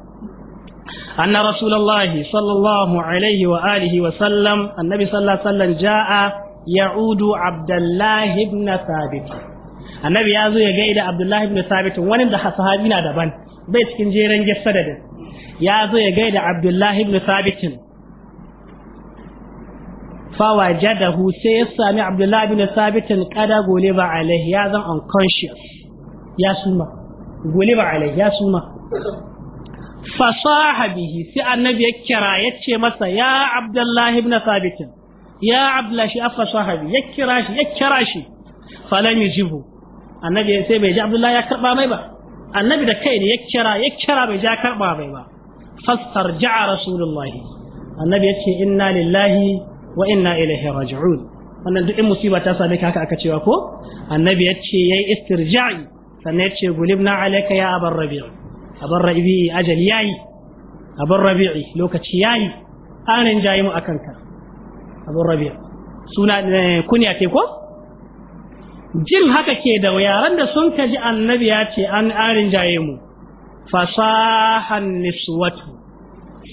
anna rasulullahi sallallahu alaihi wa alihi wa sallam annabi sallallahu alaihi wa sallam jaa ya'udu abdullahi ibn sabit annabi ya zo ya gaida abdullahi ibn sabit wani da sahabi na daban bai cikin jeren gessa da ya zo ya gaida abdullahi ibn sabit fawajadahu sai ya sami abdullahi ibn sabit kada goliba alai ya zan unconscious ya suma goliba alai ya suma fasaha bihi sai annabi ya kira ya ce masa ya abdullahi ibn sabit ya abdullah shi afa sahabi ya kira shi ya kira shi falan yujibu annabi sai bai ji Abdullahi ya karba mai ba annabi da kai ne ya kira ya kira bai ja karba mai ba fastarja'a rasulullahi annabi yace inna lillahi wa inna ilaihi raji'un wannan duk in musiba ta same ka haka aka cewa ko annabi yace yayi istirja'i sannan ya gulibna alayka ya abar rabi'i abar rabi'i ajal yayi abar rabi'i lokaci yayi an rinjaye mu akan ka abun rabi'a suna eh, kunya ce ko jin haka ke da yaran da sun kaji annabi ya ce an arin jaye mu fasahan niswatu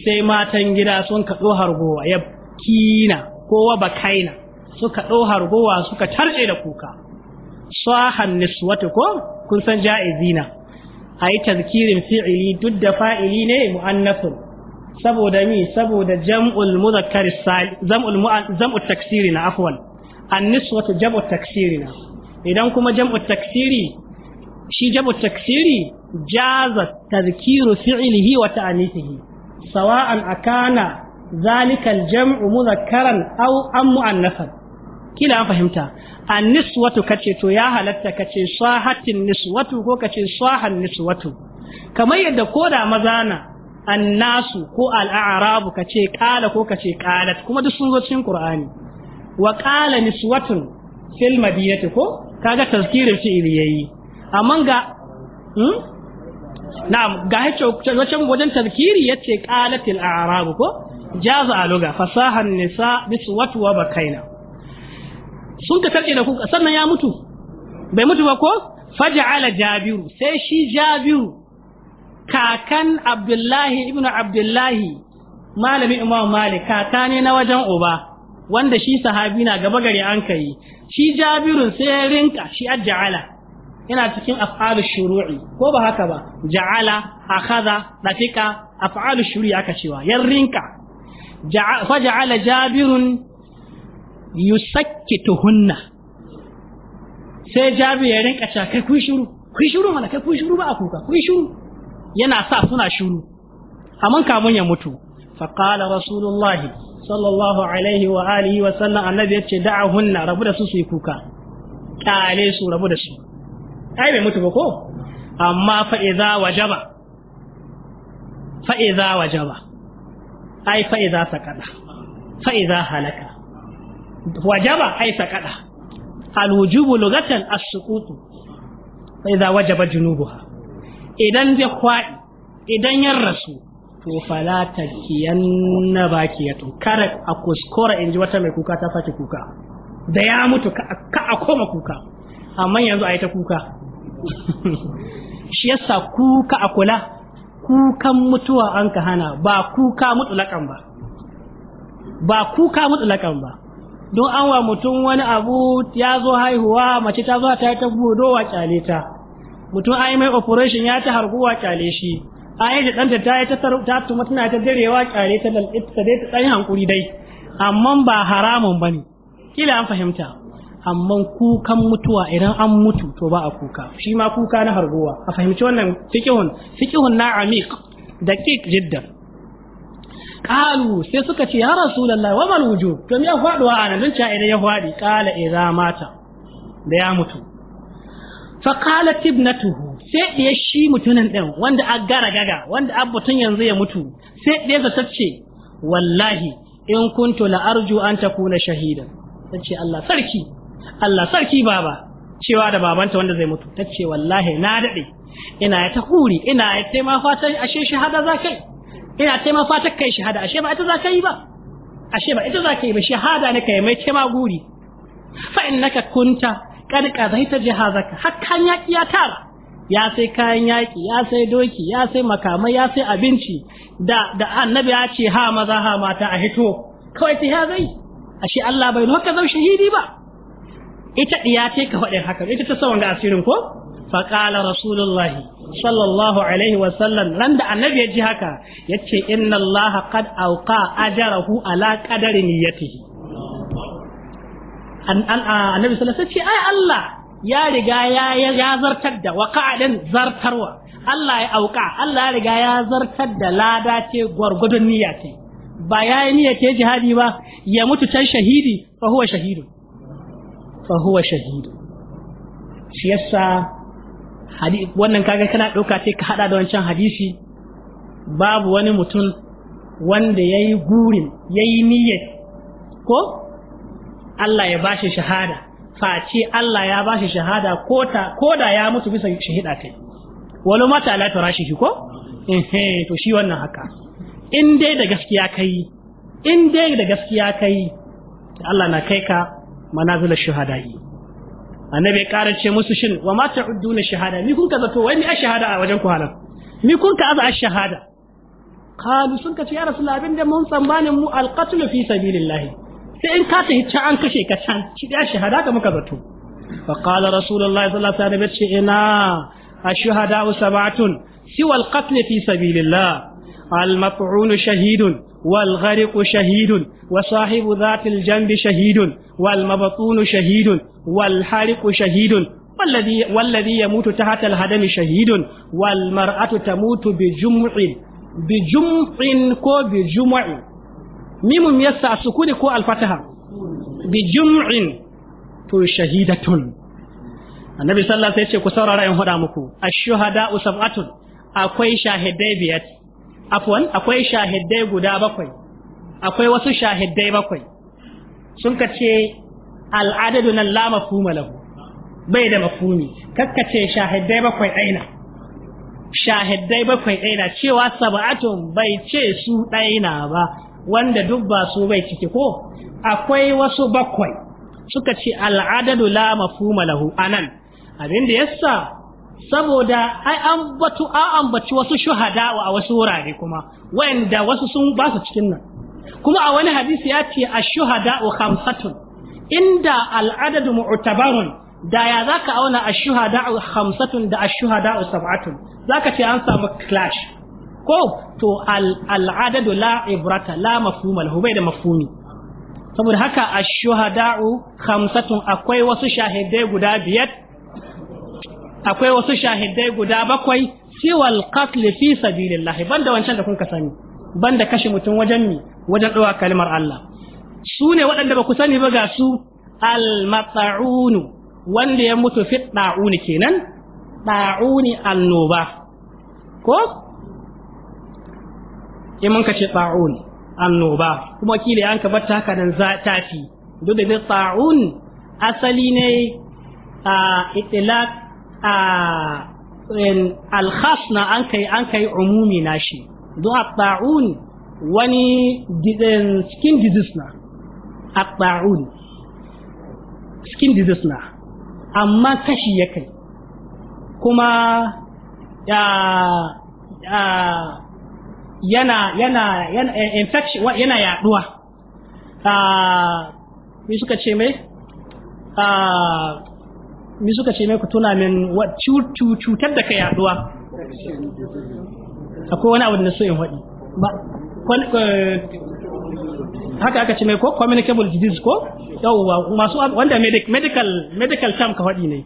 sai matan gida sun ka ɗo hargowa ya kina kowa ba kaina suka ɗo hargowa suka tarce da kuka sahan niswatu ko kun san ja'izina a yi tazkirin fi'ili duk da fa'ili ne mu'annasun saboda mi saboda jam'ul muzakkar sal jam'ul jam'u taksiri na afwan annis wata jam'u taksiri na idan kuma jam'u taksiri shi jam'u taksiri jaza tadhkiru fi'lihi wa ta'anisihi sawa'an akana zalika al-jam'u mudhakkaran aw am mu'annasan kila an fahimta an-niswatu kace to ya halatta kace sahatin niswatu ko kace sahan niswatu kamar yadda koda maza na annasu ko al'arabu ka ce kala ko ka ce kalat kuma duk sun zo cikin qur'ani wa qala niswatun fil madinati ko kaga tazkirin ne yayi amma ga hmm? na'am ga hace wajen wajen tazkiri yace qalatil a'rabu ko jaza aluga fasahan nisa biswat wa bakaina sun ka karke da ku sannan ya mutu bai mutu ba ko faja'ala jabiru sai shi jabiru kakan abdullahi ibnu abdullahi malami imam malik kaka ne na wajen uba wanda shi sahabi na gaba gari an kai shi jabirun sai ya rinka shi ajja'ala yana cikin af'alu shuru'i ko ba haka ba ja'ala akhadha dafika af'alu shuru'i aka cewa yan rinka fa ja'ala jabirun yusakkituhunna sai jabir ya rinka cewa kai ku shuru ku shuru mana kai ku shuru ba a kuka ku shuru. yana sa suna shuru amma kamun ya mutu faqala rasulullah sallallahu alaihi wa alihi wa sallam annabi ya ce da'a da'ahunna rabu da su su yi kuka kyale su rabu da su ai bai mutu ba ko amma fa idza wajaba fa idza wajaba ai fa idza sakada fa idza halaka wajaba ai sakada al wujubu lugatan as-suqut fa idza wajaba junubuha idan zai kwaɗi idan ya rasu to fala ta kiyanna ya kare a kuskura in ji wata mai kuka ta sake kuka da ya mutu ka a koma kuka amma yanzu a yi ta kuka shi yasa kuka a kula kukan mutuwa an ka hana ba kuka mutulakan ba ba kuka mutulakan ba don an wa mutum wani abu ya zo haihuwa mace ta zo ta yi ta gudowa kyale ta mutum yi mai operation ya ta harguwa kyale shi ai da ɗanta ta yi ta tattu tana ta darewa kyale ta lalita dai ta tsayin hankuri dai amma ba haramun ba ne, kila an fahimta amma kukan mutuwa idan an mutu to ba a kuka shi ma kuka na harguwa a fahimci wannan fikihun fikihun na da kik jidda. Kalu sai suka ce ya rasulullahi wa mal wujub to me ya a nan dan ca idan ya faɗi kala idza mata da ya mutu na tuhu sai ɗaya shi mutumin ɗin wanda a gara gaga wanda abbatun yanzu ya mutu sai ɗaya zata ce wallahi in kuntu la arju an kuna shahida ce Allah sarki Allah sarki baba cewa da babanta wanda zai mutu ta ce wallahi na daɗe. ina ta huri ina ta ma fatan ashe shahada za kai, ina ta ma kai shahada ashe ba ita za zakai ba ashe ba ita za kai ba shahada ne kai mai ce ma guri fa innaka kunta kad ta jihazaka hakkan yaƙi ya tara ya sai kayan yaƙi ya sai doki ya sai makamai ya sai abinci da da annabi ya ce ha maza ha mata a hito kawai ta ya zai ashe Allah bai haka zau shahidi ba ita diya ce ka faɗin haka ita ta sawan ga asirin ko fa rasulullah sallallahu alaihi wa sallam ran da annabi ya ji haka yace inna Allah qad auqa ajrahu ala qadari niyyatihi annabi sallallahu alaihi wasallam ai Allah ya riga ya ya zartar da waqa'an zartarwa Allah ya auka Allah ya riga ya zartar da lada ce gwargwadon niyya ce ba ya niyya niyyar jihadi ba ya mutu can shahidi fa huwa shahidu fa huwa shahidu shi yasa wannan kaga kana ɗauka ce ka haɗa da wancan hadisi babu wani mutum wanda yayi gurin yayi yi niyyar ko Allah ya bashi shahada face Allah ya bashi shahada ko da ya mutu bisa shahida kai wani mata la tara shi ko to shi wannan haka in dai da gaskiya kai in dai da gaskiya kai Allah na kai ka manazilul shuhada'i annabi ya ƙara ce musu shin wa ma ta'udduna shahada ni kun ka zato wai ni a shahada wajen ku halan ni kun ka aza a shahada qalu sun ka ce ya rasul abin da mun tsammanin mu alqatl fi sabilillahi. sai in ka tafi can an kashe ka can ki da shahada ka muka zato fa qala rasulullahi sallallahu ina wasallam ce ina ashhadu usabatun siwal qatl fi sabilillah al maf'un shahidun wal gharq shahidun wa sahibu dhatil janbi shahidun wal mabtun shahidun wal hariq ta والذي والذي يموت تحت الهدم شهيد والمرأة تموت بجمع بجمع كو بجمع Mimu yassa a sukuni ko alfataha bi jum'in to shahidatun annabi sallallahu alaihi wasallam ku saurara in hada muku ash-shuhada sab'atun akwai shahidai biyar afwan akwai shahidai guda bakwai akwai wasu shahidai bakwai sun kace al'adadu nan la mafhuma lahu bai da mafhumi kakkace shahidai bakwai aina shahidai bakwai aina cewa sab'atun bai ce su daina ba wanda duk ba su bai ciki ko akwai wasu bakwai suka ce al'adadu la mafhuma lahu anan abin da yasa saboda ai an batu ambaci wasu shuhada a wasu wurare kuma wanda wasu sun ba su cikin nan kuma a wani hadisi ya ce ash-shuhada khamsatun inda al'adadu mu'tabarun da ya za ka auna a shuhada hamsatun da a shuhada sab'atun za ka ce an samu clash ko to al'adadu la ibrata la mafhuma lahu bai da mafhumi saboda haka ash-shuhada'u khamsatun akwai wasu shahidai guda biyar akwai wasu shahidai guda bakwai siwal qatl fi sabilillah banda wancan da kun sani banda kashe mutum wajen mi wajen dawa kalmar Allah su ne waɗanda ba ku sani ba ga su al-mata'unu wanda ya mutu fi da'uni kenan da'uni annoba ko in mun kace ta'un annoba kuma kila an ka batta haka nan za ta fi duk da ne ta'un asali ne a itilaq a al-khas na an kai an kai umumi nashi du'a ta'un wani skin disease na a taun skin disease na amma kashi ya kai kuma ya yana yana yana eh, infection yana yaduwa ah me suka ce mai ah me suka ce mai ku tuna min cutar da ka yaduwa akwai wani abu da so in ba eh, haka aka ce mai ko communicable disease ko yawwa masu wanda medical medical term ka waɗi ne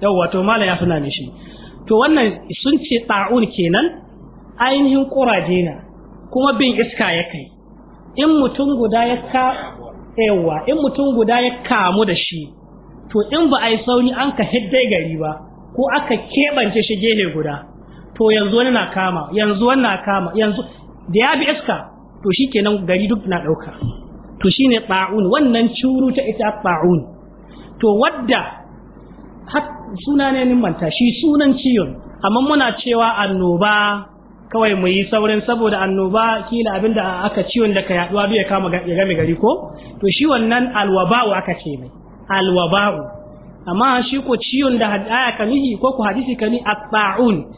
yawwa to mala ya suna shi to wannan sun ce ta'un kenan ainihin kuraje na kuma bin iska ya kai in mutum guda ya ka yawa in mutum guda ya kamu da shi to in ba a yi sauri an ka hiddai gari ba ko aka keɓance shi gehe guda to yanzu wani na kama yanzu wani na kama yanzu da ya bi iska to shi kenan gari duk na ɗauka to shi ne ɓa'un wannan curu ta ita ɓa'un to wadda suna ne manta shi sunan ciyon amma muna cewa annoba kawai mu yi saurin saboda annoba kila abinda aka ciwon da ka yaduwa biya kama ya game gari ko to shi wannan alwaba'u aka ce mai alwaba'u amma shi ko ciwon da hadaya ka nihi ko ku hadisi ka ni at-ta'un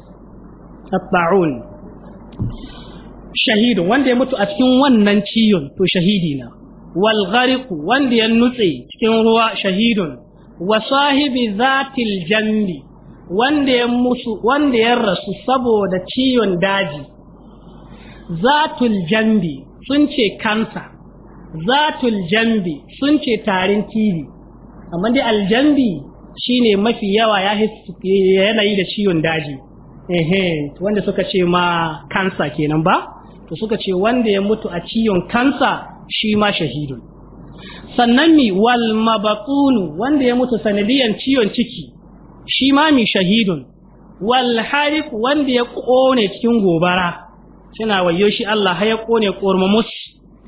Shahidu wanda ya mutu a cikin wannan ciwon to shahidi na wal wanda ya nutse cikin ruwa shahidun wa sahibi zatil janni wanda ya mutu wanda ya rasu saboda ciwon daji zatul jambi sun ce kansa zatul jambi sun ce tarin TV amma dai aljambi shine mafi yawa ya yanayi da ciwon daji ehe wanda suka ce ma kansa kenan ba to suka ce wanda ya mutu a ciwon kansa shi ma shahidun sannan mi wal mabaqunu wanda ya mutu sanadiyan ciwon ciki shi ma mi shahidun wal wanda ya kone cikin gobara suna wayo shi Allah ya kone kormamus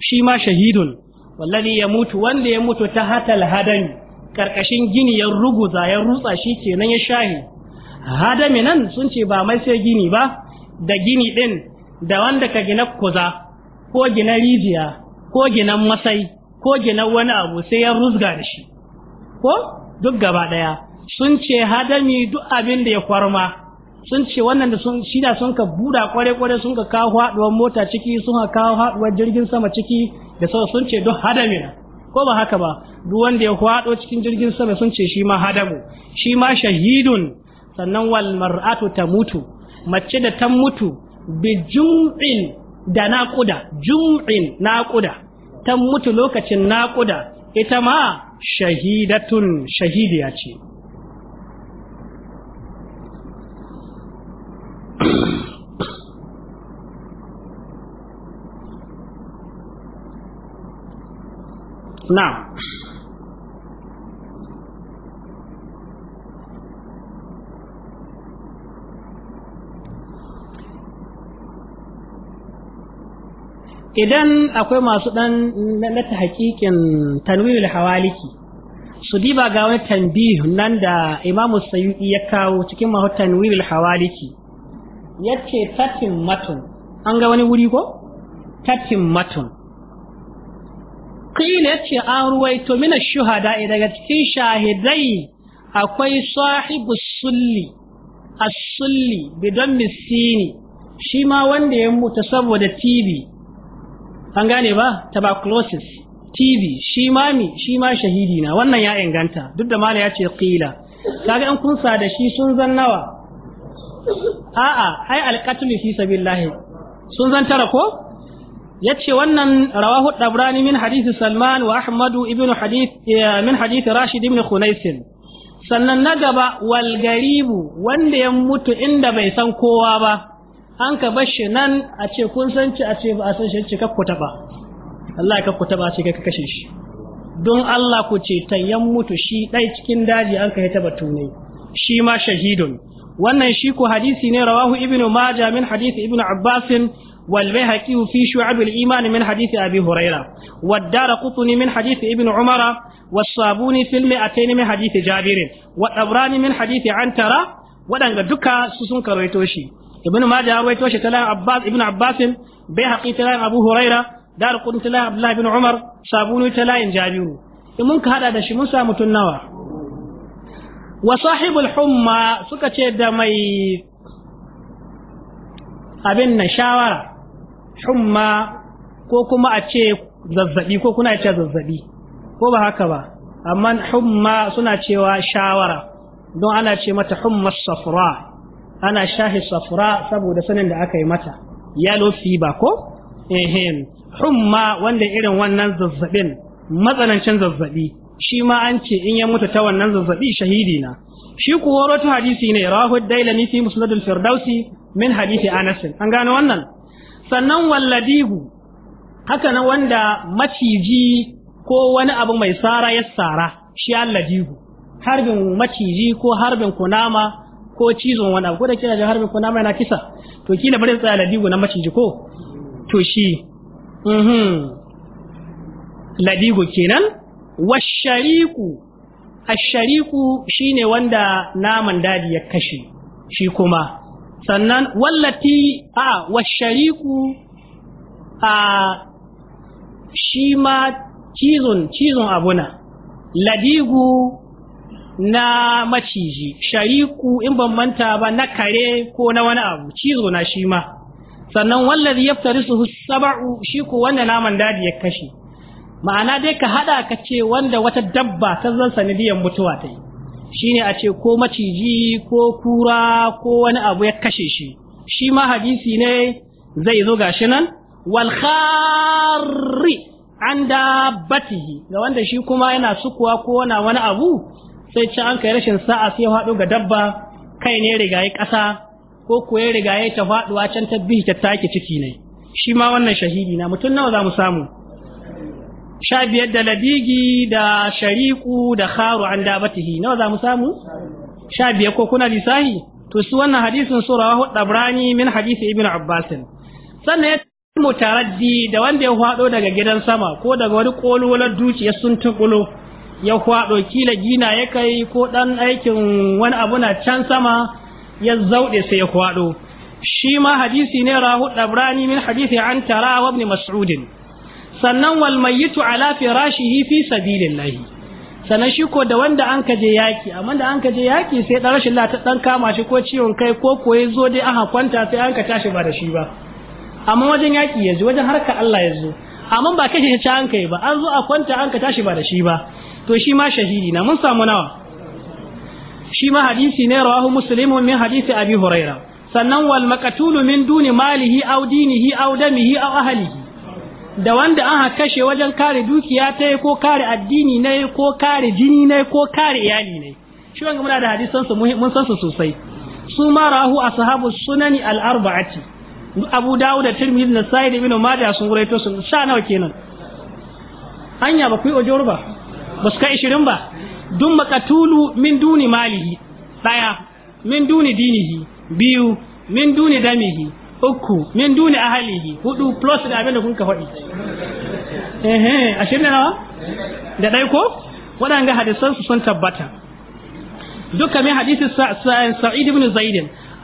shi ma shahidun wallazi ya mutu wanda ya mutu ta hatal hadami ƙarƙashin gini ya ruguza ya rutsa shi kenan ya shahi hadami nan sun ce ba mai sai gini ba da gini din da wanda ka gina kuza ko gina rijiya ko gina masai ko gina wani abu sai ya rusga da shi ko duk gaba daya sun ce hadami duk abin da ya kwarma sun ce wannan da sun shida sun ka buda kware kware sun ka kawo haduwar mota ciki sun ka kawo haduwar jirgin sama ciki da sau sun ce duk hadami na ko ba haka ba duk wanda ya hado cikin jirgin sama sun ce shi ma hadamu shi ma shahidun sannan wal mar'atu mutu? mace da ta mutu bi jum'in da naƙuda jum'in naƙuda ta mutu lokacin naƙuda ita ma shahidatun shahidiya ce Nah. idan akwai masu ɗan na ta hakikin tanwirul hawaliki su diba ga wani tanbih nan da imamu sayyidi ya kawo cikin mahu tanwirul hawaliki yace tatin matun an ga wani wuri ko tatin matun qila yace an ruwaito mina shuhada eh, daga cikin shahidai akwai sahibu sulli as-sulli bidan misini shi ma wanda ya mutu saboda TV. an gane ba tuberculosis TV. shi ma mi shi ma shahidi na wannan ya inganta duk da mala ya ce qila kaga an kunsa da shi sun zan nawa a'a ai alqatlu fi sabilillah sun zan tara ko yace wannan rawahu dabrani min hadith salman wa ahmad ibn hadith eh, min hadith rashid ibn khunais sannan na gaba wal garibu wanda ya mutu inda bai san kowa ba an ka bashi nan a ce kun san ci a ce ba a san shi ce kakkuta ba Allah kakkuta ba ce ka kashe shi don Allah ku ce tayyan mutu shi dai cikin daji an ka hita batu ne shi ma shahidun wannan shi ko hadisi ne rawahu ibn majah min hadisi ibnu abbas wal bayhaqi fi shu'ab al iman min hadisi abi hurayra wa dar min hadisi ibnu umar wa sabuni fil mi'atayn min hadisi jabir wa dabrani min hadisi antara wadanga duka su sun karwaito shi ibnu majah karwaito shi talan abbas ibnu abbas abu hurayra dar qutni talan abdullah ibnu umar sabuni talan jabir in mun ka hada da shi mun samu tunnawa wa sahibul humma suka ce da mai abin na shawara humma ko kuma a ce zazzabi ko kuna ce zazzabi ko ba haka ba amma humma suna cewa shawara don ana ce mata humma safra ana shahi safra saboda sanin da aka yi mata yellow ba ko humma wanda irin wannan zazzabin matsanancin zazzabi shi ma an ce in ya mutu ta wannan zazzabi shahidi na shi kuwa wata hadisi ne rahu dailami fi musnadul firdausi min hadisi anas an gano wannan sannan walladihu haka na wanda maciji ko wani abu mai sara ya sara shi alladihu harbin maciji ko harbin kunama ko cizon wani abu ko da kira da harbin kunama yana kisa to kila bari tsaya ladigu na maciji ko to shi mhm, ladigo kenan washariku ashariku shine wanda naman daji ya kashe shi kuma sannan wallati a washariku a shi ma cizon cizon abuna ladigu na maciji shariku in ban manta ba na kare ko na wani abu cizo na shi ma sannan wallazi yaftarisu sab'u shi ko wanda naman dadi ya kashe ma'ana dai ka hada ka ce wanda wata dabba ta zan sanadiyar mutuwa ta yi shine a ce ko maciji ko kura ko wani abu ya kashe shi shi ma hadisi ne zai zo gashi nan wal kharri an dabbatihi ga wanda shi kuma yana sukuwa ko na wani abu sai ci an kai rashin sa'a sai faɗo ga dabba kai ne riga ya ƙasa ko kuwa ya riga ya ta faɗuwa can ta bihi ta take ciki ne shi ma wannan shahidi na mutum nawa za mu samu sha biyar da ladigi da shariku da kharu an dabatihi nawa za mu samu sha biyar ko kuna lisahi to su wannan hadisin sura wa dabrani min hadisi ibnu abbas sannan ya taraddi da wanda ya hwado daga gidan sama ko daga wani kolwalar ya sun tukulo ya hwado kila gina ya kai ko dan aikin wani abu na can sama ya zaude sai ya hwado shi ma hadisi ne rahu dabrani min hadisi an tara wa ibn mas'udin sannan wal mayyitu ala firashihi fi sabilillahi sannan shi ko da wanda an kaje yaki amma da an kaje yaki sai dan rashin lata dan kama shi ko ciwon kai ko koyi zo dai aha kwanta sai an ka tashi ba da shi ba amma wajen yaki yanzu wajen harka Allah yanzu amma ba kashe shi an kai ba an zo a kwanta an ka tashi ba da shi ba to shi ma shahidi na mun samu nawa shi ma hadisi ne rawahu muslimun min hadisi abi huraira sannan wal maqtulu min duni malihi aw dinihi aw damihi aw ahlihi da wanda an kashe wajen kare dukiya ta ko kare addini ne ko kare jini ne ko kare iyali ne shi wanga muna da hadisan su mun san su sosai su ma rahu ashabu sunani al arba'ati Abu Dawud da Tirmidhi da Sa'id ibn Majah sun gureto sun sha nawa kenan Hanya ba ku ojor ba ba su 20 ba dun makatulu min duni malihi daya min duni dinihi biyu min duni damihi uku min duni ahalihi hudu plus da abin da kun ka faɗi eh ashirin da nawa da ɗai ko waɗanga hadisan su sun tabbata duka mai hadisi sa'id ibn zaid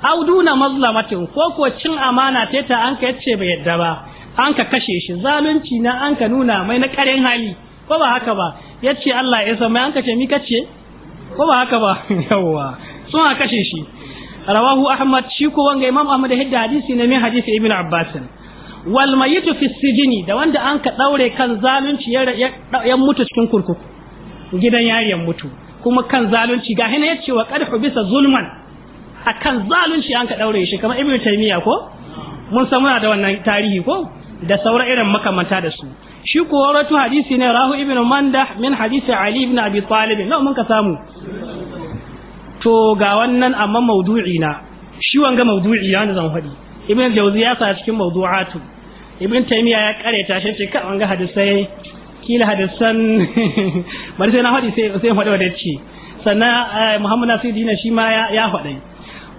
au duna mazlamatin ko ko cin amana teta ta an ka yace bai yadda ba an ka kashe shi zalunci na an ka nuna mai na ƙarin hali ko ba haka ba yace Allah ya san mai an ka ce mi kace ko ba haka ba yawwa sun a kashe shi rawahu ahmad shi ko wanga imam ahmad hidda hadisi ne min hadisi ibnu abbas wal mayitu fi sijini da wanda an ka daure kan zalunci ya mutu cikin kurkuku gidan yariyan mutu kuma kan zalunci ga hina yace wa qadhu bisa zulman akan zalunci an ka daure shi kamar ibnu taymiya ko mun san muna da wannan tarihi ko da saura irin makamanta da su shi ko rawatu hadisi ne rahu ibnu mandah min hadisi ali ibn abi talib nawa mun ka samu to ga wannan amma maudu'i na shi wanga maudu'i ya zan faɗi ibn jawzi ya sa cikin mawdu'atu ibn taymiya ya kareta shi ce kan wanga hadisai kila hadisan bar sai na faɗi sai sai faɗi wadda ce sannan eh, muhammad nasidi ne shi ma ya faɗi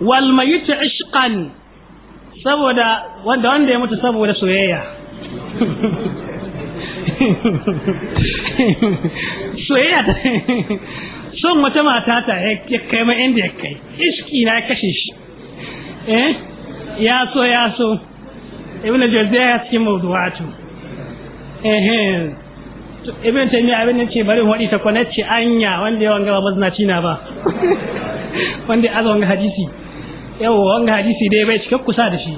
wal mayit ishqan saboda wanda wanda ya mutu saboda soyayya soyayya son wata mata ta ya kai ma inda ya kai iski na kashe shi eh ya so ya so ibn jazziya ya cikin mawdu'atu eh eh ibn taymiya abin da ce bari wadi ta kwanace anya wanda yawan gaba bazna cina ba wanda ya ga hadisi yau wanga hadisi dai bai cika kusa da shi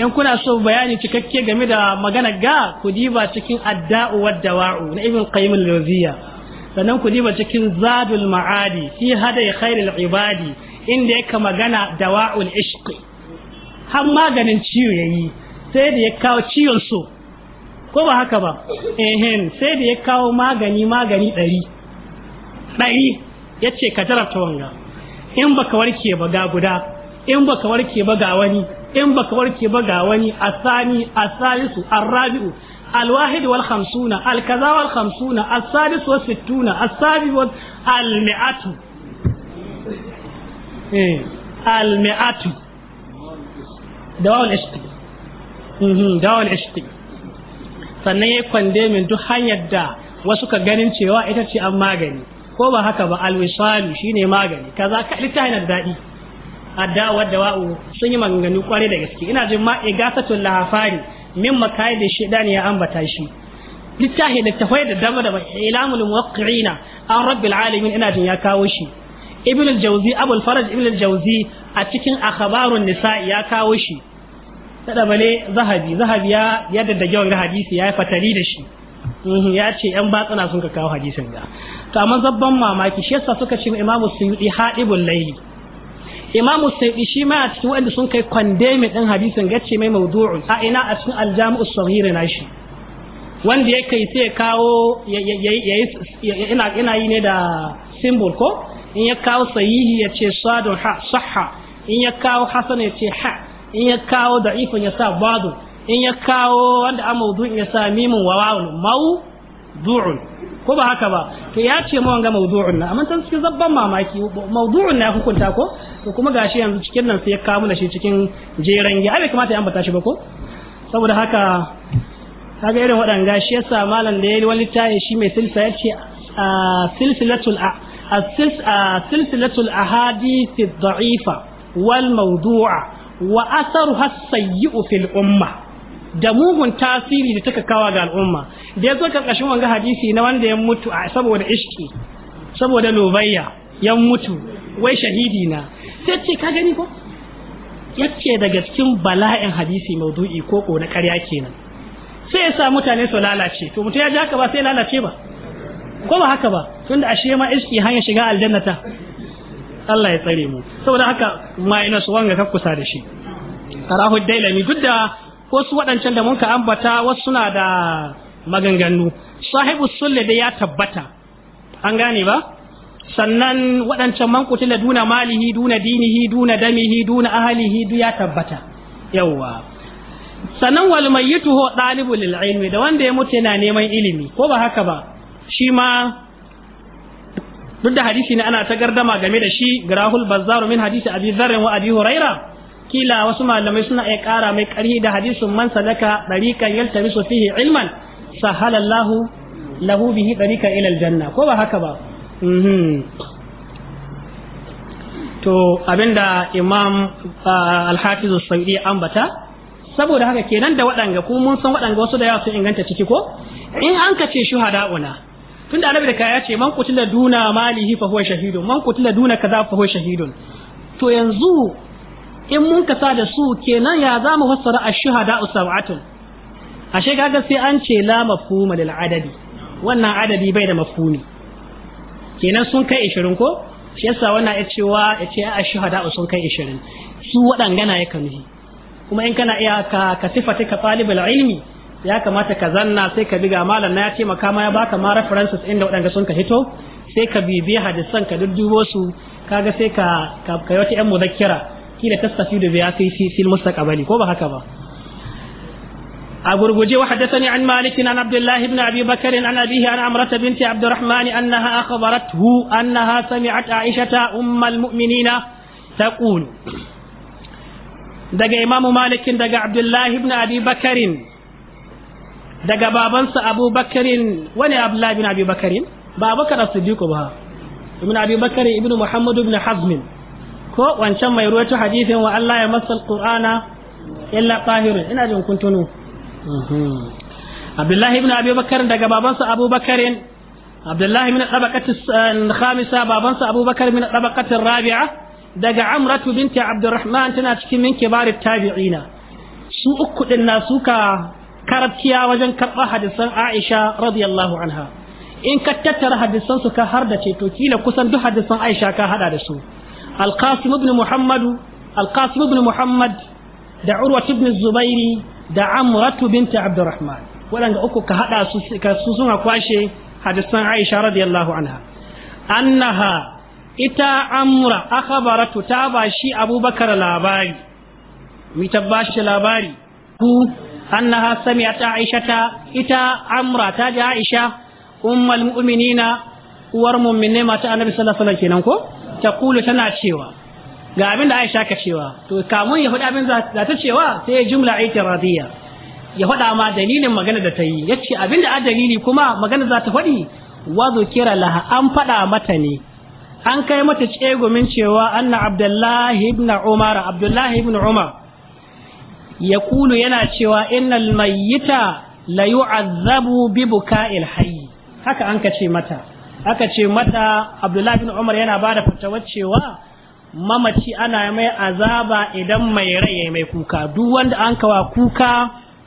in kuna so bayani cikakke game da magana ga ku diba cikin adda'u wadda dawa'u na ibn qayyim al-jawziya sannan ku diba cikin zadul ma'adi fi hadai khairul ibadi inda yake magana dawa'ul ishq har maganin ciwo yayi sai da ya kawo ciwon so ko ba haka ba sai da ya kawo magani magani ɗari ɗari ya ce ka jarabta wanga in baka warke ba ga guda in baka warke ba ga wani in baka warke ba ga wani asani asalisu arrabi'u الواحد والخمسون الكذا والخمسون السادس والستون السابع وال... المئة إيه. المئة دواء العشق دواء العشق sannan ya kwande min duk hanyar da wasu ka ganin cewa ita ce an magani ko ba haka ba alwisalu ne magani kaza ka littafi na daɗi A addawa wa'u sun yi maganganu kwarai da gaske ina jin ma igasatul lahafari min makayi da shaidan ya ambata shi littafi littafai da dama da ilamul muwaqqi'ina an rabbil alamin ina jin ya kawo shi ibn al-jawzi abul faraj ibn al a cikin akhbarun Nisa'i ya kawo shi da bale zahabi zahabi ya ya daddage wannan hadisi ya fatari da shi mhm, ya ce yan batsana sun ka kawo hadisin ga to amma zabban mamaki shi yasa suka ce imamu suyudi hadibul layli imamu sai shi ma a cikin wanda sun kai kwandemi ɗin hadisin gace mai maudu'un a ina a cikin aljami'u sahira na wanda ya kai sai kawo ina yi ne da simbol ko in ya kawo sahihi ya ce sadun ha sahha in ya kawo hasan ya ce ha in ya kawo da'ifun ya sa badu in ya kawo wanda a ya sa "Mimun wawawun mau du'un ko ba haka ba to ya ce mu wanga mawdu'un na amma tan cikin zabban mamaki mawdu'un na hukunta ko to kuma gashi yanzu cikin nan sai ya kawo shi cikin jeran ya bai kamata ya ambata shi ba ko saboda haka kaga irin waɗanga yasa malam da yayi wani tayi shi mai silsa ya ce silsilatul silsilatul ahadith ad-da'ifa wal mawdu'a wa atharuha as-sayyi'u fil ummah da mugun tasiri da take kawa ga al'umma da ya yazo karkashin wanga hadisi na wanda ya mutu saboda ishki saboda lobayya ya mutu wai shahidi na sai ce ka gani ko yace daga cikin bala'in hadisi maudu'i ko ko na ƙarya kenan sai ya sa mutane su lalace to mutum ya ji haka ba sai lalace ba ko ba haka ba tunda ashe ma iski hanya shiga aljannata Allah ya tsare mu saboda haka minus wanga ka kusa da shi tarahu dailami duk da wasu waɗancan da mun ka ambata wasu suna da maganganu sahibu sulle dai ya tabbata an gane ba sannan waɗancan man kutila duna malihi duna dinihi duna damihi duna ahalihi du ya tabbata yawwa sannan wal mayyitu hu dalibul ilmi da wanda ya mutu yana neman ilimi ko ba haka ba shi ma duk da hadisi ne ana ta gardama game da shi grahul bazzaru min hadisi abi dharr wa abi huraira kila wasu malamai suna iya ƙara mai ƙarhi da hadisin man sadaka ɗariƙan su fihi ilman sahalallahu lahu bihi ɗariƙan ila aljanna ko ba haka ba mhm. to abinda imam alhafizu saudi ambata saboda haka kenan da waɗanga ko mun san waɗanga wasu da yawa sun inganta ciki ko in an ka ce shuhada'una tun da annabi da kaya ce man kutila duna malihi fa huwa shahidun man kutila duna kaza fa huwa shahidun to yanzu in mun kasa da su kenan ya za mu fassara ash-shuhada sab'atun ashe kaga sai an ce la mafhuma lil adadi wannan adadi bai da mafhumi kenan sun kai 20 ko shi yasa wannan ya cewa ya ce ash-shuhada sun kai 20 su waɗangana ya kamihi kuma in kana iya ka ka sifati ka talibul ilmi ya kamata ka zanna sai ka biga malam na ya ce maka ma ya baka ma references inda wadanga sun ka hito sai ka bibiya hadisan ka duddubo su kaga sai ka ka wata yan muzakkira kila tastafi da ya kai fi fil mustaqbali ko ba haka ba a gurguje wa hadathani an malik an abdullah ibn abi bakr an abihi an amrat bint abd arrahman annaha akhbarathu annaha sami'at aishata umm al mu'minin taqul daga imam malik daga abdullah ibn abi bakr daga babansa abu bakr wani abdullah ibn abi bakr babakar as-siddiq ba ibn abi bakr ibn muhammad ibn hazm ko wancan mai ruwatu hadisin wa Allah ya masal qur'ana illa tahirun ina jin kun tuno Abdullahi ibn Abi Bakar daga babansa Abu Bakarin Abdullahi min tabaqati khamisa babansa Abu Bakar min tabaqati rabi'a daga Amratu binti Abdurrahman tana cikin min kibarit tabi'ina su uku din na suka karatiya wajen karɓar hadisan Aisha radiyallahu anha in ka tattara hadisan su ka har da ce to kila kusan duk hadisan Aisha ka hada da su alqasim ibn muhammad da urwat zubairi da amratu binta abdurrahman waɗanda uku ka haɗa su su suna kwashe hadisan aisha radiyallahu anha annaha ita amra ta ba shi abubakar labari mi ta labari ku annaha aishata ita amra ta ji aisha ummul mu'minina uwar mu'minai mata annabi sallallahu alaihi wasallam kenan ko Takulu tana cewa ga abin da Aisha ka cewa to kamun ya faɗa abin za ta cewa sai jumla itiradiyya ya faɗa ma dalilin magana da ta yi yace abin da dalili kuma magana za ta faɗi wa kira laha an faɗa mata ne an kai mata cegumin cewa anna abdullahi ibn umar abdullahi ibn umar ya kulu yana cewa innal mayyita la yu'azzabu bi buka'il hayy haka an ce mata aka ce mata abdullahi bin umar yana ba da fatawar cewa mamaci ana mai azaba idan mai rai mai kuka duk wanda an kawa kuka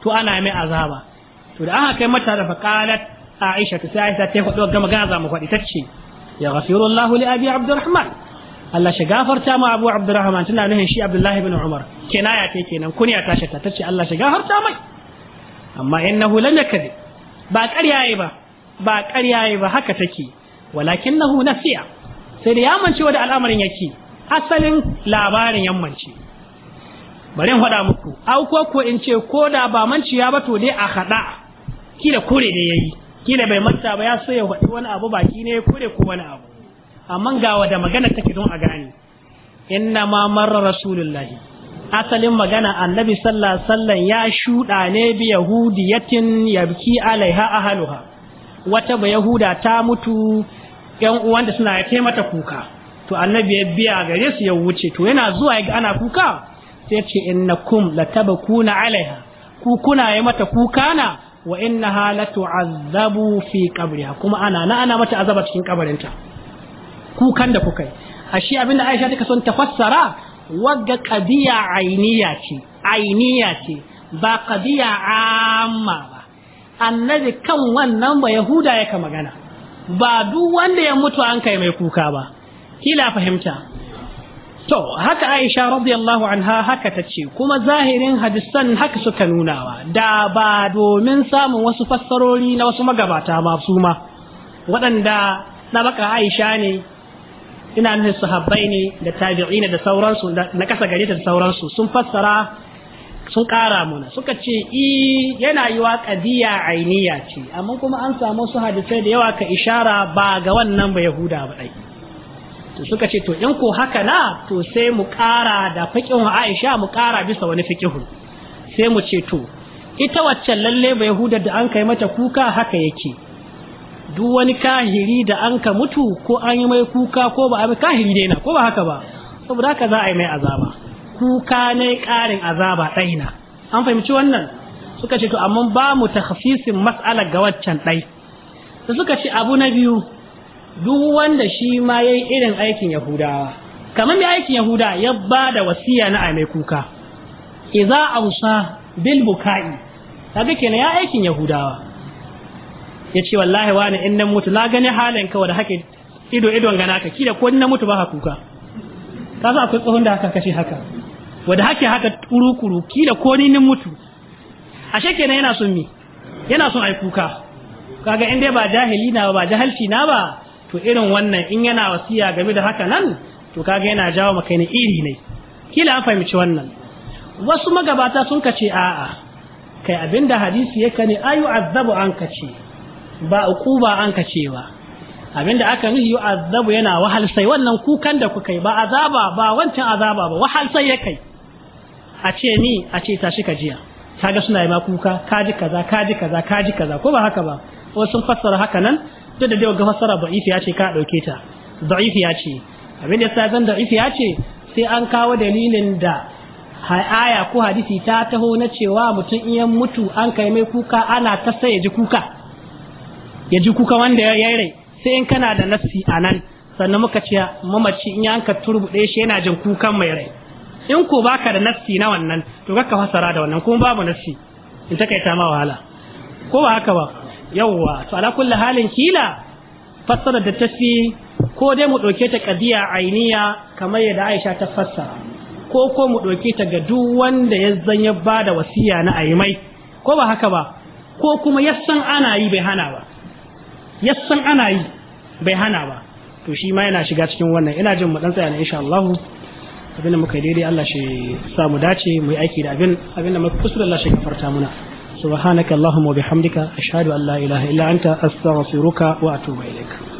to ana mai azaba to da aka kai mata da faqalat aisha ta sai aisha ta faɗo ga magana za mu faɗi tacce ya ghafirullahu li abi abdurrahman Allah shi gafarta ma abu abdurrahman tana nuhin shi abdullahi bin umar kinaya ta kenan kunya ta shata tace Allah shi gafarta mai amma innahu lam yakdi ba ƙarya ba ba ƙarya ba haka take walakin nahu nasiya sai da yamance wa da al'amarin yake asalin labarin yammanci bari in faɗa muku au ko in ce ko da ba manciya ba to dai a haɗa kila kore ne yayi kila bai manta ba ya so ya faɗi wani abu baki ne kore ko wani abu amma ga wada magana take don a gane inna ma marar rasulullahi asalin magana annabi sallallahu alaihi wasallam ya shuɗa ne bi yahudiyatin yabki alaiha ahaluha wata ba yahuda ta mutu yan suna ya mata kuka to annabi ya biya gare su ya wuce to yana zuwa ya ana kuka sai ce innakum latabkuna alaiha ku kuna yi mata kuka na wa innaha latu'azzabu fi qabriha kuma ana na ana mata azaba cikin kabarinta kukan da kuka yi ashe abinda Aisha take son tafassara? fassara wagga qadiya ainiya ce ainiya ce ba qadiya amma ba annabi kan wannan ba yahuda yaka magana ba duk wanda ya mutu an kai mai kuka ba kila fahimta to haka aisha radiyallahu anha haka ta ce kuma zahirin hadisan haka suka nunawa da ba domin samun wasu fassarori na wasu magabata masu ma waɗanda na baka aisha ne ina nufin sahabbai ne da tabi'ina da sauransu na kasa gare da sauransu sun fassara sun ƙara mana suka ce i yana yi wa ƙadiyya ainiya ce amma kuma an samu su hadisai da yawa ka ishara ba ga wannan ba yahuda ba ai to suka ce to in ko haka na to sai mu ƙara da fiƙihun aisha mu ƙara bisa wani fiƙihun sai mu ce to ita waccan lalle ba yahuda da an kai mata kuka haka yake duk wani kahiri da an ka mutu ko an yi mai kuka ko ba a kahiri dai na ko ba haka ba saboda haka za a yi mai azaba kuka ne ƙarin azaba ɗaina an fahimci wannan suka ce to amma ba mu tafafisin mas'ala ga waccan ɗai da suka ce abu na biyu duk wanda shi ma yayi irin aikin yahudawa kamar mai aikin yahuda ya ba da wasiya na a mai kuka idza ausa bil bukai kaga kenan ya aikin yahudawa yace wallahi wani in nan mutu na gani halin ka da hake ido idon gana ka da ko na mutu ba kuka kaza akwai tsohon da haka kashe haka wadda hake haka kuru-kuru kila ko ni mutu? mutu ashe na yana sun mi yana sun aikuka? kaga in dai ba jahili na ba jahilci na ba to irin wannan in yana wasiya game da haka nan to kaga yana jawo maka iri ne kila an fahimci wannan wasu magabata sun kace a'a kai abinda hadisi yake ne ayu azabu an kace ba uquba an kace ba abinda aka nuhi azabu yana wahal sai wannan kukan da kuka yi ba azaba ba wancan azaba ba wahal sai ya kai a ce ni a ce tashi ka jiya kaga suna yi ma kuka kaji kaza kaji kaza kaji kaza ko ba haka ba wasu sun fassara haka nan duk da dai ga fassara da'ifi ya ce ka dauke ta da'ifi ya ce abin da sai da'ifi ya ce sai an kawo dalilin da aya ko hadisi ta taho na cewa mutum in ya mutu an kai mai kuka ana ta sai ya ji kuka ya ji kuka wanda ya rai sai in kana da nafsi nan sannan muka ce mamaci in yanka turbuɗe shi yana jin kukan mai rai in ko baka da nafsi na wannan to ka fasara da wannan kuma babu nafsi in ta kai ta ma wahala ko ba haka ba yawwa to ala kulli halin kila fassara da tafi ko dai mu dauke ta qadiya ainiya kamar yadda Aisha ta fassara ko ko mu dauke ta ga duk wanda ya ya bada wasiya na aimai ko ba haka ba ko kuma yassan ana yi bai hana ba yassan ana yi bai hana ba to shi ma yana shiga cikin wannan ina jin mu dan tsaya ne insha Allah abin da muka yi daidai Allah shi sa mu dace mu yi aiki da abin abin da muka kusura Allah shi gafarta muna subhanaka allahumma wa bihamdika ashhadu an la ilaha illa anta astaghfiruka wa atubu ilaik